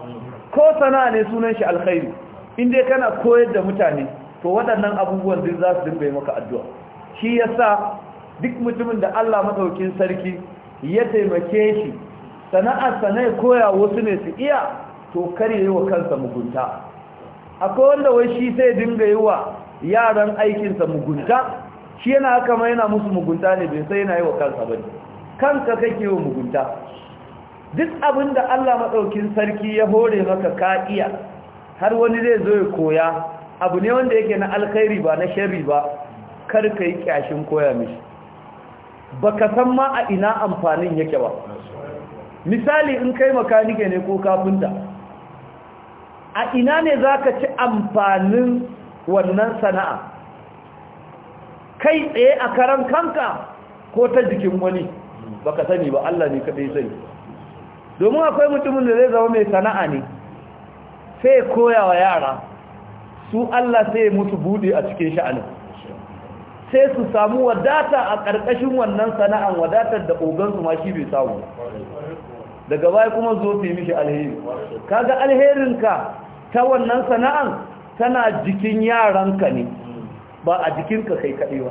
ko sana'a ne sunan shi alkhairi inda kana koyar da mutane to waɗannan abubuwan duk za su dinga yi maka addu'a shi ya sa duk mutumin da Allah maɗaukin sarki ya taimake shi sana'ar sana'ar koya wasu ne su iya to kare yi wa kansa mugunta akwai wanda wai shi sai dinga yi wa yaran aikinsa mugunta shi yana haka mai yana musu mugunta ne bai sai yana yi wa kansa ba kanka kake wa mugunta duk abin da Allah maɗaukin sarki ya hore maka ka'iya har wani zai zo ya koya abu ne wanda yake na alkhairi ba na shari ba kar ka yi kyashin koya mishi Baka san ma a ina amfanin yake ba misali in kai makanike ne ko kafinta a ina ne za ka ci amfanin wannan sana'a kai tsaye a karan kanka ko ta jikin wani ba ka sani ba Allah ne kaɗai sai? domin akwai mutumin da zai zama mai sana'a ne sai koya wa yara su Allah sai ya mutu buɗe a cikin sha'anin sai su samu wadata a ƙarƙashin wannan sana'an wadatar da ogansu ma shi bai samu daga baya kuma zo fi alheri. mishi alheri kaga ka ta wannan sana'an tana jikin yaranka ne ba a jikinka kai kadai ba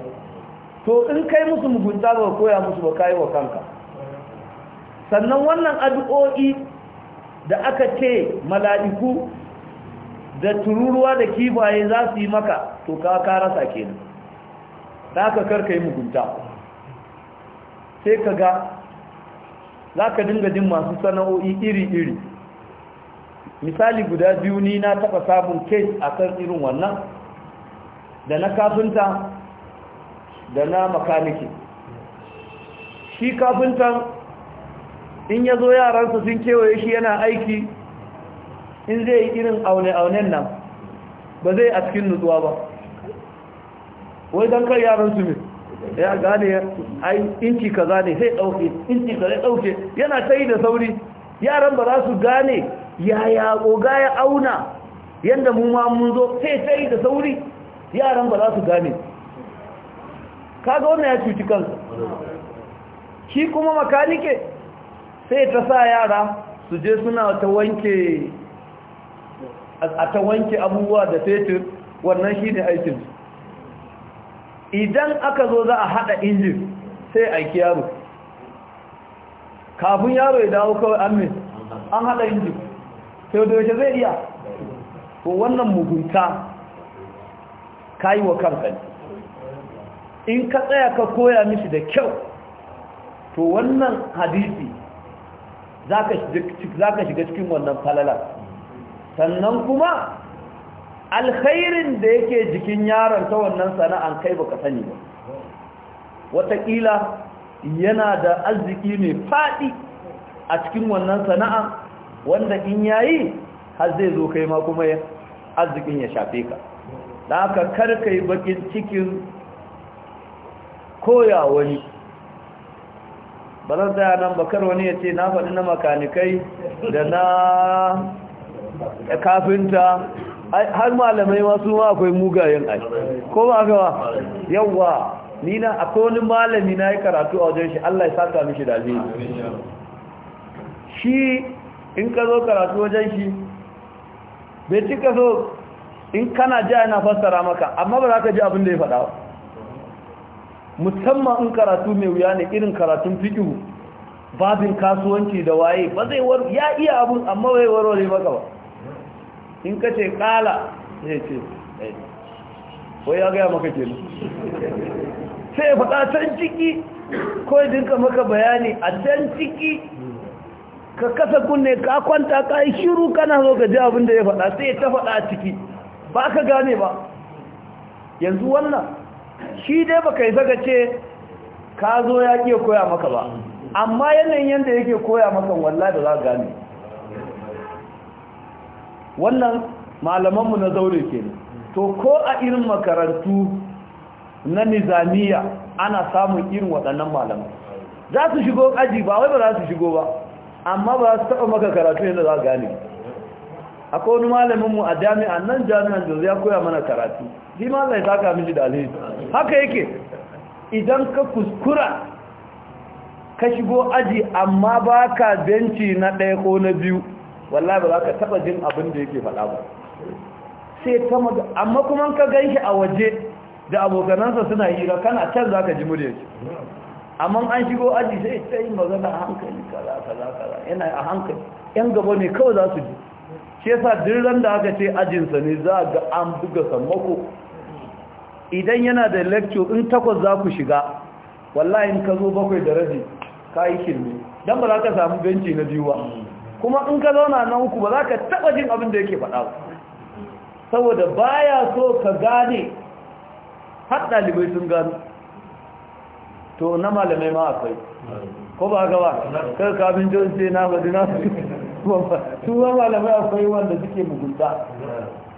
to in kai musu mugunta ba koya musu ba kai wa kanka sannan wannan addu'o'i da aka ce mala'iku da tururuwa da kibaye za su yi maka to ka karasa kenan da aka karka yi mugunta sai ka ga za ka dinga jin masu sana'o'i iri-iri misali guda biyu ni na taɓa sabon case a kan irin wannan da na kafinta da na makaniki shi kafintan in ya zo yaransa sun kewaye shi yana aiki in zai yi irin aune-aunen nan ba zai a cikin nutsuwa ba wai don kar yaransu mai ya gane ai inci kaza ne sai dauke inci kaza dauke yana tai da sauri yaran ba za su gane yaya goga ya auna yanda mu ma mun zo sai tayi da sauri yaran ba za su gane kaga wannan ya cuci kansa shi kuma makanike sai ta sa yara su je suna ta wanke a ta wanke abubuwa da fetur wannan shi ne aikinsu idan aka zo za a hada injin sai aiki yaro kafin yaro ya dawo kawai mai an hada injin sai da zai iya ko wannan mugunta Ka yi wa kanka in ka tsaya ka koya mishi da kyau to wannan hadisi za ka shiga cikin wannan falala sannan kuma alkhairin da yake jikin yaron ta wannan sana'a kai baka sani ba wataƙila yana da arziki mai faɗi a cikin wannan sana'a wanda in yayi har zai zo kai ma kuma arzikin ya shafe ka da haka karka yi bakin cikin koya wani ba zan tsaya nan bakar wani ya ce na faɗi na makanikai da na kafinta har malamai masu ma akwai mugayen ai ko ba haka ba yawa ni na akwai wani malami na yi karatu a wajen shi Allah ya saka mishi da zai shi in ka zo karatu wajen shi bai cika so in kana ji yana fassara maka amma ba za ka ji abin da ya faɗa musamman in karatu mai wuya ne irin karatun fiƙihu babin kasuwanci da waye ba zai war ya iya abun amma bai warware maka ba in ka ce kala zai ce ko eh, ya gaya maka ke sai ya faɗa can ciki ko dinka maka bayani a can ciki ka kasa kunne ka kwanta ka yi shiru kana zo ka ji abin da ya faɗa sai ya ta faɗa ciki ba ka gane ba yanzu wannan shi dai baka yi saka ce ka zo ya ke koya maka ba amma yanayin yadda yake koya maka walla da za gane wannan malamanmu na zaure ke ne to ko a irin makarantu na nizamiya ana samun irin waɗannan malaman za su shigo aji ba wai ba za su shigo ba amma ba su taɓa maka karatu yadda za gane ko wani malaminmu a jami'a nan jami'an da ya koya mana karatu shi ma zai taka miji da haka yake idan ka kuskura ka shigo aji amma ba ka benci na ɗaya ko na biyu wallahi ba za ka taba jin abin da yake faɗa ba sai ta maga amma kuma ka gan shi a waje da abokanansa suna hira kana can za ka ji murya ce. amma an shigo aji sai ta yi magana a hankali kaza kaza kaza yana a hankali yan gaba ne kawai za su ji shi yasa duk da aka ce ajinsa ne za ga an buga sammako idan yana da lecture in takwas za ku shiga wallahi in ka zo bakwai da rabi ka yi shirme don ba za ka samu benci na biyu ba kuma in ka zauna na uku ba za ka taɓa jin abin da yake faɗa ba saboda baya so ka gane har ɗalibai sun gano to na malamai ma akwai ko ba gaba ka kafin jon sai na madina na su ma malamai akwai wanda suke mugunta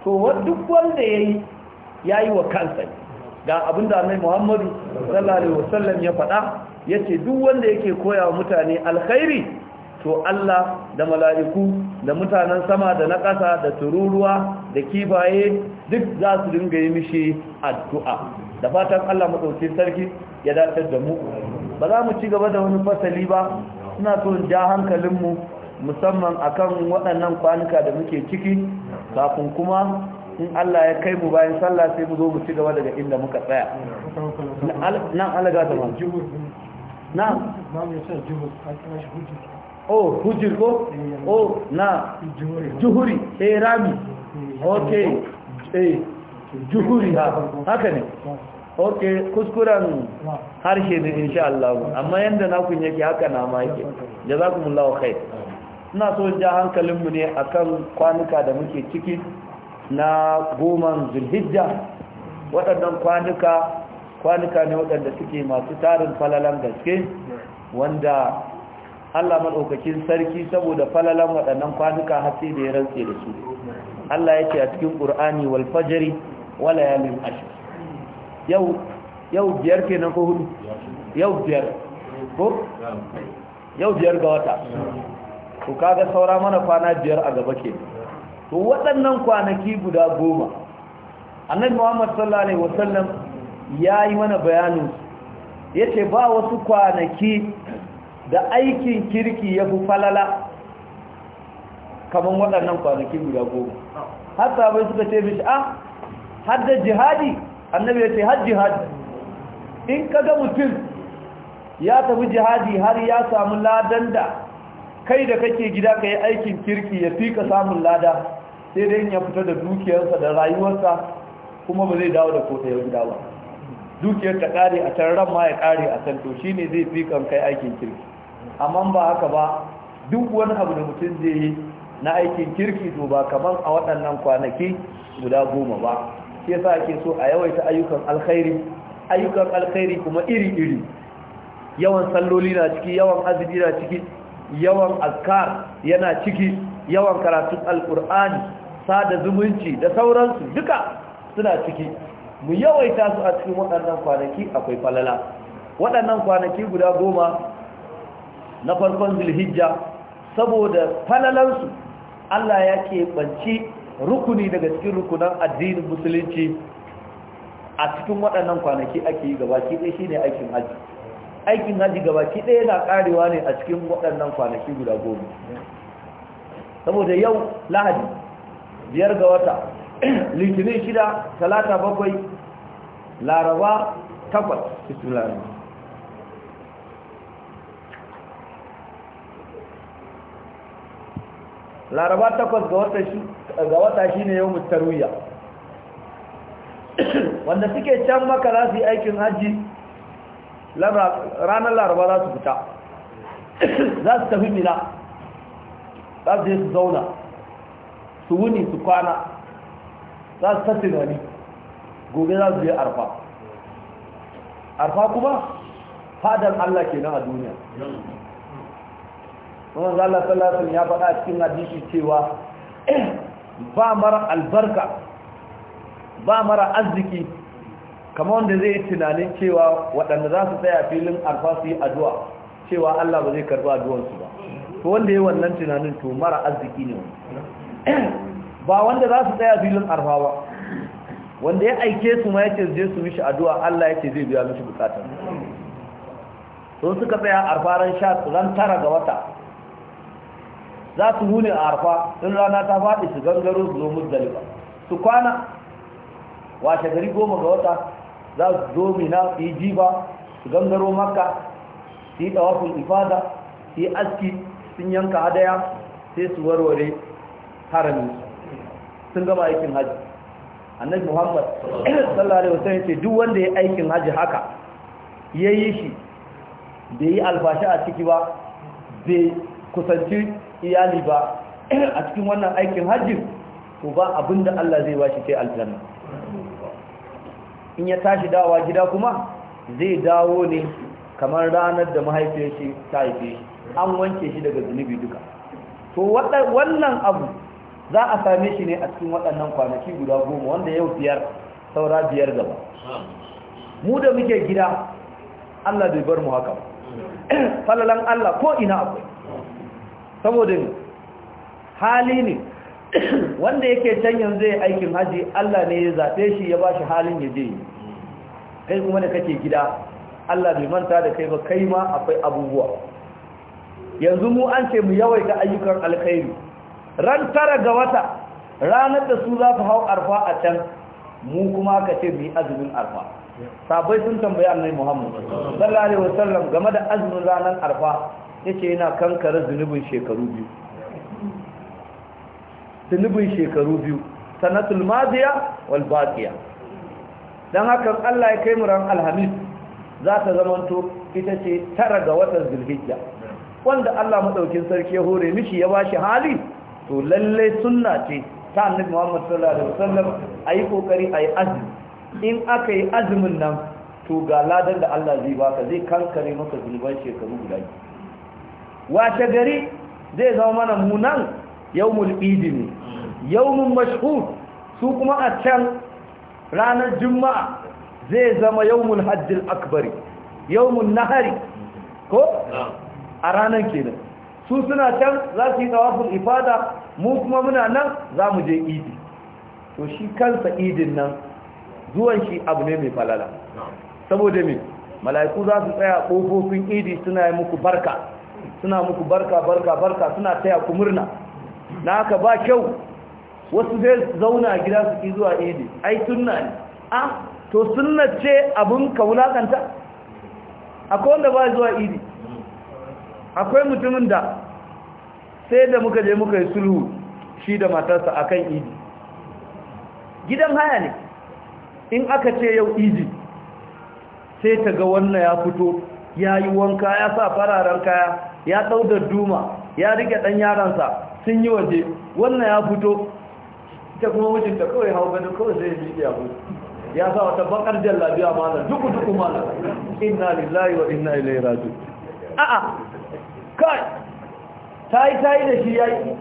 to duk wanda ya yi ya yi wa kansa ga abin da annai muhammadu sallallahu alaihi wasallam ya faɗa ya ce duk wanda yake koya wa mutane alkhairi to Allah da mala'iku da mutanen sama da na ƙasa da tururuwa da kifaye duk za su dinga yi mishi addu'a da fatan Allah madauki sarki ya dace da mu ba za mu ci gaba da wani fasali ba suna so ja hankalinmu musamman akan waɗannan kwanuka da muke ciki kafin kuma in Allah ya kai mu bayan sallah sai mu zo mu ci gaba daga inda muka tsaya nan alaga ta ma na ma a kira shi O hujir ko na juhuri E rami ok e juhuri haka ne ok kuskuren harshe ne insha Allah amma yadda na kun yake haka na ma mun lawa kai? ina so ja hankalinmu ne akan kwanuka da muke ciki na goman zulhijja waɗannan kwanuka kwanuka ne waɗanda suke masu tarin falalan gaske wanda Allah madaukakin sarki saboda falalan waɗannan kwanuka har sai da ya rantse da su Allah ya ce a cikin Qur'ani wal fajri ya layalin ashr yau yau biyar kenan ko hudu yau biyar ko yau biyar ga wata to kaga saura mana kwana biyar a gaba ke to waɗannan kwanaki guda goma annabi Muhammad sallallahu alaihi wasallam yayi mana bayanin yace ba wasu kwanaki da aikin kirki ya fi falala kamar waɗannan kwanaki guda goma har sabai suka ce mishi a ah, hadda jihadi annabi ya ce har jihadi in ka ga mutum ya tafi jihadi har ya samu ladan da kai da kake gida ka yi aikin kirki ya fi ka samun lada sai dai ya fita da dukiyarsa da rayuwarsa kuma ba zai dawo da ko gida ba dukiyar ta kare a can ran ma ya kare a can to shine zai fi kan kai aikin kirki amma ba haka ba duk wani abu da mutum zai yi na aikin kirki to ba kamar a waɗannan kwanaki guda goma ba shi yasa ake so a yawaita ayyukan alkhairi ayyukan alkhairi kuma iri-iri yawan salloli na ciki yawan azumi na ciki yawan azkar yana ciki yawan karatun alkur'ani sada zumunci da sauransu duka suna ciki mu yawaita su a cikin waɗannan kwanaki akwai falala waɗannan kwanaki guda goma na farkon zulhijja saboda falalansu Allah ya keɓanci rukuni daga cikin rukunan addinin musulunci a cikin waɗannan kwanaki ake yi gabaki ɗaya shine aikin haji aikin hajji gabaki ɗaya yana karewa ne a cikin waɗannan kwanaki guda goma saboda yau lahadi biyar ga wata [clears throat] litinin shida talata bakwai laraba takwas laraba takwas ga wata shi ne yau mutarwiya wanda suke can maka za su yi aikin hajji ranar laraba za su fita za su tafi mina za su je su zauna su wuni su kwana za su tafi tunani gobe za su je arfa arfa kuma fadar allah ke nan a duniya kuma alaihi wasallam ya faɗa cikin hadisi cewa ba mara albarka ba mara arziki kamar wanda zai tunanin cewa waɗanda za su tsaya filin arfa su yi addu'a cewa Allah ba zai karɓi addu'arsu ba to wanda ya wannan tunanin to mara arziki ne ba wanda za su tsaya filin arfa ba wanda ya aike su ma yake je su mishi addu'a Allah yake zai biya mishi bukatar su suka tsaya arfaran sha ran tara ga wata za su nune a harfa in rana ta faɗi su gangaro su zo muzdalifa su kwana washe gari goma ga wata za su zo mina su yi jiba su gangaro makka su yi tawafin ifada su yi aski sun yanka hadaya sai su warware harami sun gama aikin hajji annabi muhammad sallallahu alaihi wasallam yace duk wanda ya aikin hajji haka yayi shi bai yi alfashi a ciki ba bai kusanci iyali ba [clears throat] a cikin wannan aikin hajji ko ba abinda Allah zai ba shi sai aljanna in ya tashi dawa gida kuma zai dawo ne kamar ranar da mahaifiyar shi ta haife shi an wanke shi daga zunubi duka to wannan abu za a same shi ne a cikin waɗannan kwanaki guda goma wanda yau biyar saura biyar gaba mu da muke gida Allah bai bar mu haka [clears throat] falalan Allah ko ina akwai saboda hali ne [coughs] wanda yake can yanzu ya aikin haji Allah ne ya zaɓe shi ya ba shi halin ya je kai kuma da kake gida Allah bai manta da kai ba kai ma akwai abubuwa yanzu mu an ce mu yawaita ayyukan alkhairi ran tara ga wata ranar da su za su hau arfa a can mu kuma ka ce mu yi azumin arfa sabai sun tambayi annabi Muhammad sallallahu alaihi wasallam game da azumin ranar arfa yace yana kankare zunubin shekaru biyu zunubin shekaru biyu sanatul madiya wal baqiya dan haka Allah ya kai mu ran alhamis za ta zamanto ita ce tara ga watan zulhijja wanda Allah madaukin sarki ya hore mishi ya bashi hali to lalle sunna ce ta annabi Muhammad sallallahu alaihi wasallam ayi kokari ayi azumi in aka yi azumin nan to ga ladan da Allah zai baka zai kankare maka zulban shekaru guda biyu wata gari zai zama mana munan yawmul idi ne yawmun mashhur su kuma a can ranar juma'a zai zama yawmul hajjil akbari yawmun nahari ko a ranar kenan su suna can za su yi tsawafin ifada mu kuma muna nan za mu je idi to shi kansa idin nan zuwan shi abu ne mai falala saboda mai mala'iku za su tsaya ƙofofin idi suna yi muku barka suna muku barka barka barka suna taya ku murna na haka ba kyau wasu zai zauna a gida su zuwa idi ai sunna ne a to sunna ce abin ka wulakanta akwai wanda ba zuwa idi akwai mutumin da sai da muka je muka yi sulhu shi da matarsa akan idi gidan haya ne in aka ce yau idi sai ta ga wannan ya fito ya yi wanka ya sa fararen kaya ya ɗau da duma ya rike ɗan yaransa sun yi waje wannan ya fito ita kuma wucin ta kawai hau gani kawai sai yi ya fito ya sa wata bakar jallabiya mana duku duku mana inna lillahi wa inna ilaihi raji'un a'a kai tayi tayi da shi yayi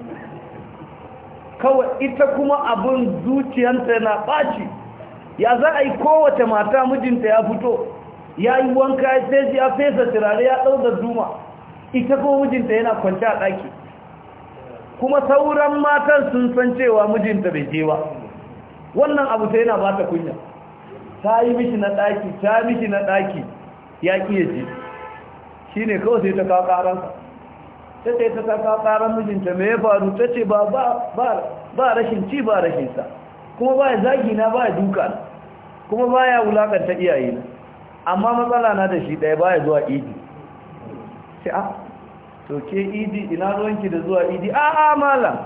kawai ita kuma abin zuciyanta na ɓaci ya za a yi kowace mata mijinta ya fito ya yi wanka ya fesa turare ya ɗau da duma ita ko mijinta yana kwance a ɗaki kuma sauran matan sun san cewa mijinta bai je ba wannan abu ta yana ba ta kunya ta yi mishi na ɗaki ta mishi na ɗaki ya kiye ji shi ne kawai sai ta kawo ƙaransa ta ce ta kawo ƙaran mijinta mai ya faru ta ce ba rashin ci ba rashin sa kuma ba ya zagi na ba ya duka na kuma ba ya wulaƙanta iyayena amma matsala na da shi ɗaya ba ya zuwa idi sai a ah, to ke idi ina ruwanki da zuwa idi a a malam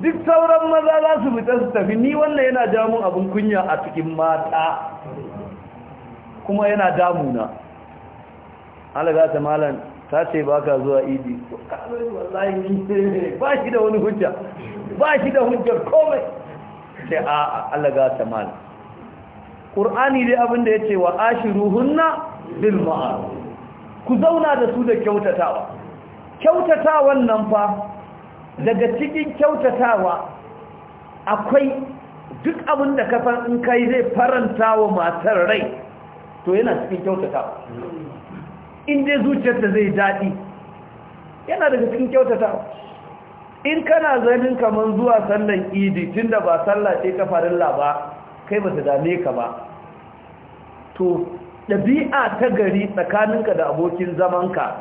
duk sauran maza za su fita su tafi ni wannan yana damun abin kunya a cikin mata kuma yana damuna alaga ta malam ta ce baka zuwa idi ba shi da wani hujja ba shi da hujjar komai sai a alaga ta malam ƙur'ani dai abinda ya ce wa ashiru hunna bil ma'aruf ku zauna da su da kyautatawa kyautatawan nan fa daga cikin kyautatawa akwai duk abin da kafan in kai zai faranta wa matar rai to yana cikin kyautatawa in dai zuciyarta zai daɗi yana daga cikin kyautatawa in kana zanin kamar zuwa sallan idi tunda ba sallah ce ta farilla ba kai ba ta dame ka ba to ɗabi'a ta gari tsakaninka da abokin zamanka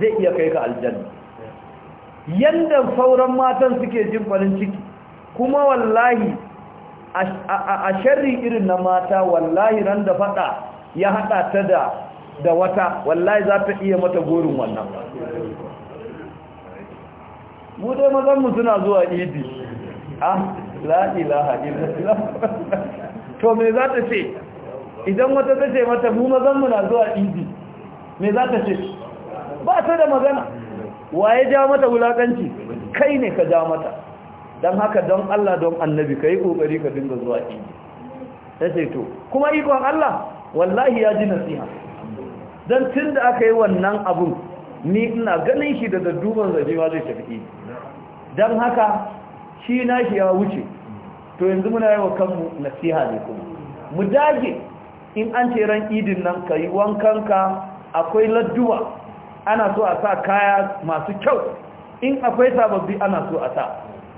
zai iya kai ka aljanna yanda sauran matan suke jin farin ciki kuma wallahi a sharri irin na mata wallahi ran da faɗa ya haɗa ta da da wata wallahi za ta iya mata gorin wannan mu dai mazanmu suna zuwa idi ah la ilaha illallah to me za ta ce idan wata ta ce mata mu mazanmu na zuwa idi me za ta ce ba ta da magana Wa ya ja mata wulakanci kai ne ka ja mata don haka don Allah don annabi ka yi ƙoƙari ka dinga zuwa idi ta ce to kuma ikon Allah wallahi ya ji nasiha don tun da aka yi wannan abun ni ina ganin shi daga duban zajewa zai tafi izi don haka shi na shi ya wuce to yanzu muna yi wa kanmu nasiha ne kuma mu dage in an ce ran idin nan ka yi ka, akwai ladduwa ana so a sa kaya masu kyau in akwai sababbi ana so a sa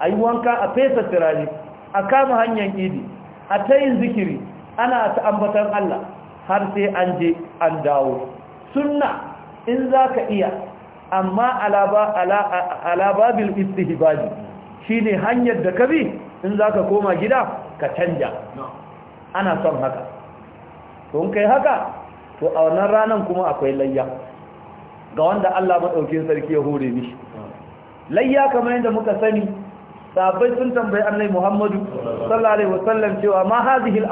a yi wanka a fesa turare a kama hanyar idi a ta yin zikiri ana ta ambatan Allah har sai an je an dawo sunna in za ka iya amma alababil istihbabi shi ne hanyar da ka bi in za ka koma gida ka canja ana son haka to in kai haka to a wannan ranan kuma akwai layya ga wanda Allah madaukin sarki ya hore mishi layya kamar yadda muka sani sabai sun tambayi annabi Muhammadu sallallahu alaihi wasallam cewa ma hadhihi al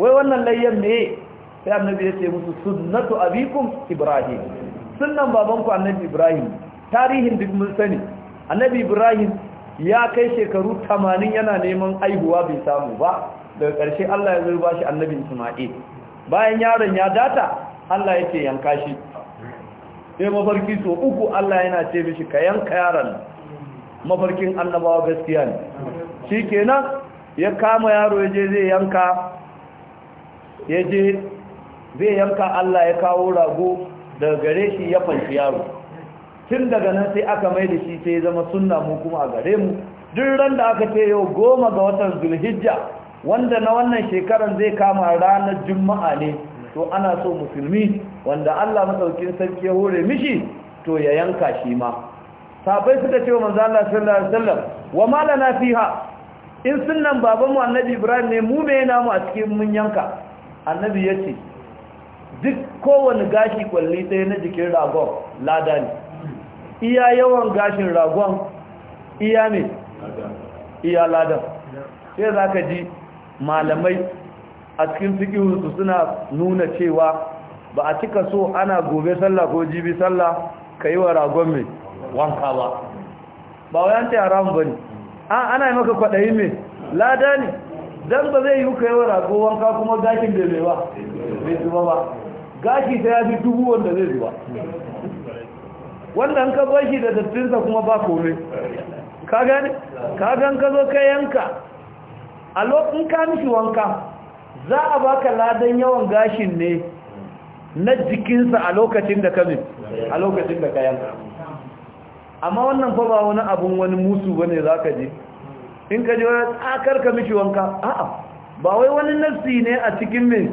wai wannan layyan me sai annabi ya ce musu sunnatu abikum ibrahim sunnan babanku annabi ibrahim tarihin duk mun sani annabi ibrahim ya kai shekaru 80 yana neman aihuwa bai samu ba daga ƙarshe Allah ya zurba shi annabi Isma'il bayan yaron ya data Allah yake yanka shi sai mafarki so uku Allah yana ce mishi ka yanka yaron mafarkin annabawa gaskiya ne kenan ya kama yaro ya je zai yanka ya je zai yanka Allah ya kawo rago daga gare shi ya fanci yaro tun daga nan sai aka mai da shi sai zama sunna mu kuma a gare mu duk ran da aka ce yau goma ga watan zulhijja wanda na wannan shekaran zai kama ranar juma'a ne to ana so musulmi wanda Allah madaukin sarki ya hore mishi to ya yanka shi ma sabai suka ce wa manzo Allah sallallahu alaihi wasallam wa malana fiha in sunnan babanmu annabi Ibrahim ne mu me yana mu a cikin mun yanka annabi yace duk kowane gashi kwalli ɗaya na jikin ragon lada ne iya yawan gashin ragon iya ne iya ladan sai za ka ji malamai a cikin fikihunsu suna nuna cewa ba a cika so ana gobe sallah ko jibi sallah ka yi wa ragon mai wanka ba ba wa ta haram ba ne ana yi maka kwaɗayi mai lada ne don ba zai yi ka yi wa ragon wanka kuma gashin da mai ba mai zuba ba gashi ta ya fi dubu wanda zai zuba wanda ka bashi da dattinsa kuma ba kome ka gani ka gan ka zo ka yanka a lokacin ka mishi wanka za a baka ladan yawan gashin ne na jikinsa a lokacin da ka a lokacin da ka yanka amma wannan fa ba wani abun wani musu bane zaka je in ka je wani tsakar ah, ka mishi wanka a'a ba wai wani nassi ne a cikin min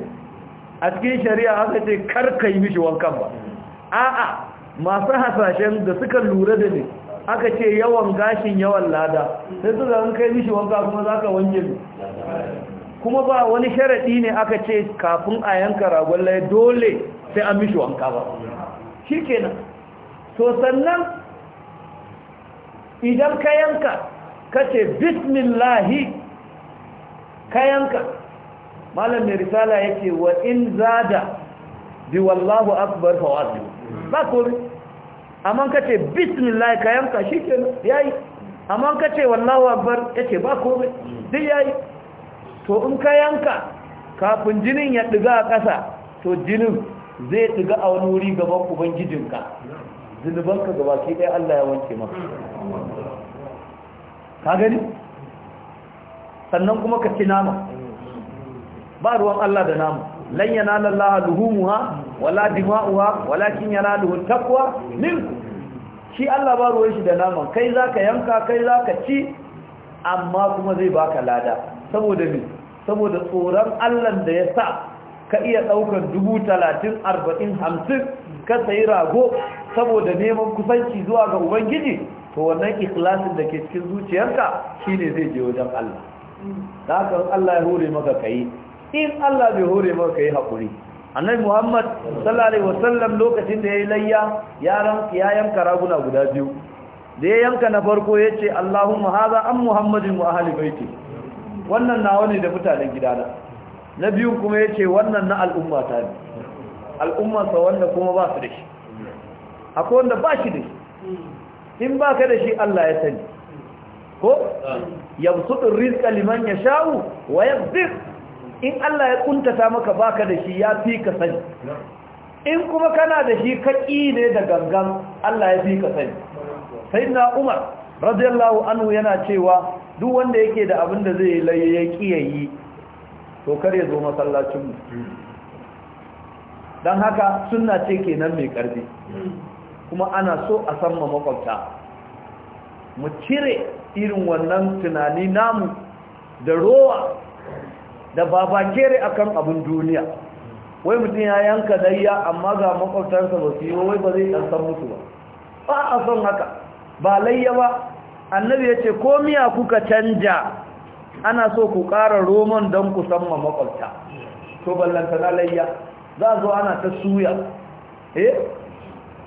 a cikin shari'a aka ce kar ka yi mishi wankan ba a'a masu hasashen da suka lura da ne aka ce yawan gashin yawan lada sai su ga an kai mishi wanka kuma za ka wanke kuma ba wani sharaɗi ne aka ce kafin a yanka ragon laye dole sai an mishi wanka ba shi kenan to sannan idan ka yanka ka ce bismillahi ka yanka malam mai risala ya ce wa in zada bi wallahu akbar fawazin ba kome amma ka ce bismillah ka yanka shi ke yayi amma ka ce wallahu akbar ce ba komai duk yayi to in ka yanka kafin jinin ya diga a ƙasa to jinin zai diga a wani wuri gaban ubangijinka zunubanka gaba ke ɗaya Allah ya wanke maka ka gani sannan kuma ka ci nama ba ruwan Allah da nama lan yanala Allah luhumuha wala dima'uha walakin yanaluhu taqwa minku shi Allah ba ruwan shi da naman kai zaka yanka kai zaka ci amma kuma zai baka lada saboda me saboda tsoron Allah da ya sa ka iya daukar 30 40 50 ka sayi rago saboda neman kusanci zuwa ga ubangiji to wannan ikhlasin da ke cikin zuciyarka shine zai je wajen Allah haka Allah ya hore maka kai in Allah bai hore maka kai hakuri annabi muhammad sallallahu alaihi wasallam lokacin da ya yi layya ya yanka raguna guda biyu da ya yanka na farko ya ce allahumma haza an muhammadin wa ahli baiti wannan nawa ne da mutanen gidana na biyu kuma ya ce wannan na al'umma ta ne al'ummarsa wanda kuma ba su da shi akwai wanda ba shi da shi in ba ka da shi allah ya sani ko yabsutu rizqa liman yasha'u wa yaqdir in Allah ya kuntata maka baka da shi ya fi ka sani in kuma kana da shi kaki ne da gangan Allah ya fi ka sani Sai na Umar radiyallahu anhu yana cewa duk wanda yake da abin da zai laye ya kiyayi to kar ya zo masallacin mu dan haka sunna ce kenan mai ƙarfi. kuma ana so a san makwabta mu cire irin wannan tunani namu da rowa da babakere kan abin duniya wai mutum ya yanka layya amma ga makwabtarsa ba su yi wai ba zai ɗansan musu ba ba a son haka ba layya ba annabi ya ce ko miya kuka canja ana so ku ƙara roman don ku san ma makwabta to ballanta na layya za zo ana ta suya eh?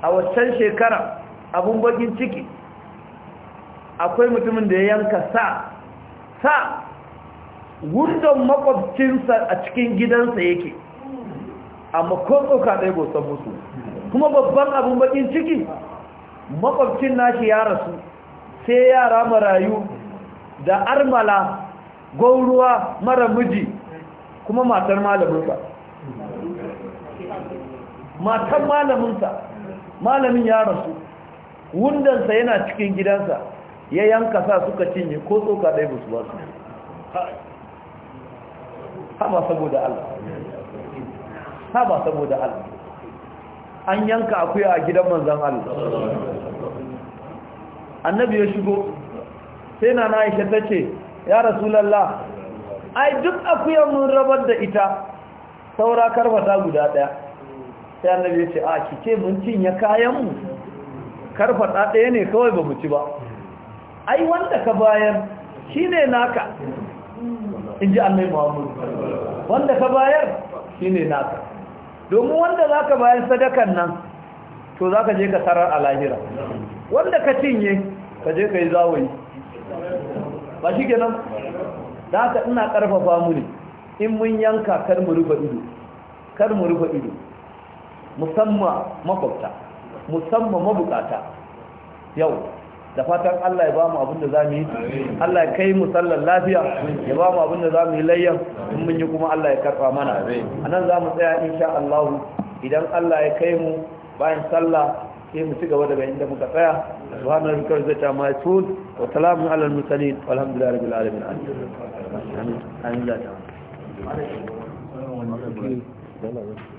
a waccan shekara abin bakin ciki akwai mutumin da ya yanka sa sa wundon makwabcinsa a cikin gidansa yake amma ko tsoka ɗaya bosan musu kuma babban abin bakin ciki makwabcin nashi ya rasu sai yara marayu da armala gauruwa mara miji kuma matar malaminsa matar malaminsa malamin ya rasu wundansa yana cikin gidansa ya yanka sa suka cinye ko tsoka ɗaya ba su ba su haba saboda Allah haba saboda Allah an yanka akuya a gidan manzan Allah annabi ya shigo sai Nana Aisha tace ya rasulullah ai duk akuyan mun rabar da ita saura karfata guda daya sai annabi ya ce a kike mun cinye kayan mu karfata daya ne kawai ba mu ci ba ai wanda ka bayar shine naka inji annabi Muhammad wanda ka bayar shi ne naka domin wanda za ka bayan sadakan nan to za ka je ka tarar a lahira wanda ka cinye ka je ka yi zawai ba shi kenan za ka ina karfafa mu in mun yanka kar mu rufe ido musamman musamman mabukata yau da fatan Allah ya ba mu abin da mu yi Allah ya kai mu sallar lafiya ya ba mu abin da mu yi layyan in mun yi kuma Allah ya karba mana anan mu tsaya insha Allah idan Allah ya kai mu bayan sallah sai mu cigaba daga inda muka tsaya subhanallahi bihamdihi ta ma tud wa salamun alal mursalin walhamdulillahi rabbil alamin amin amin da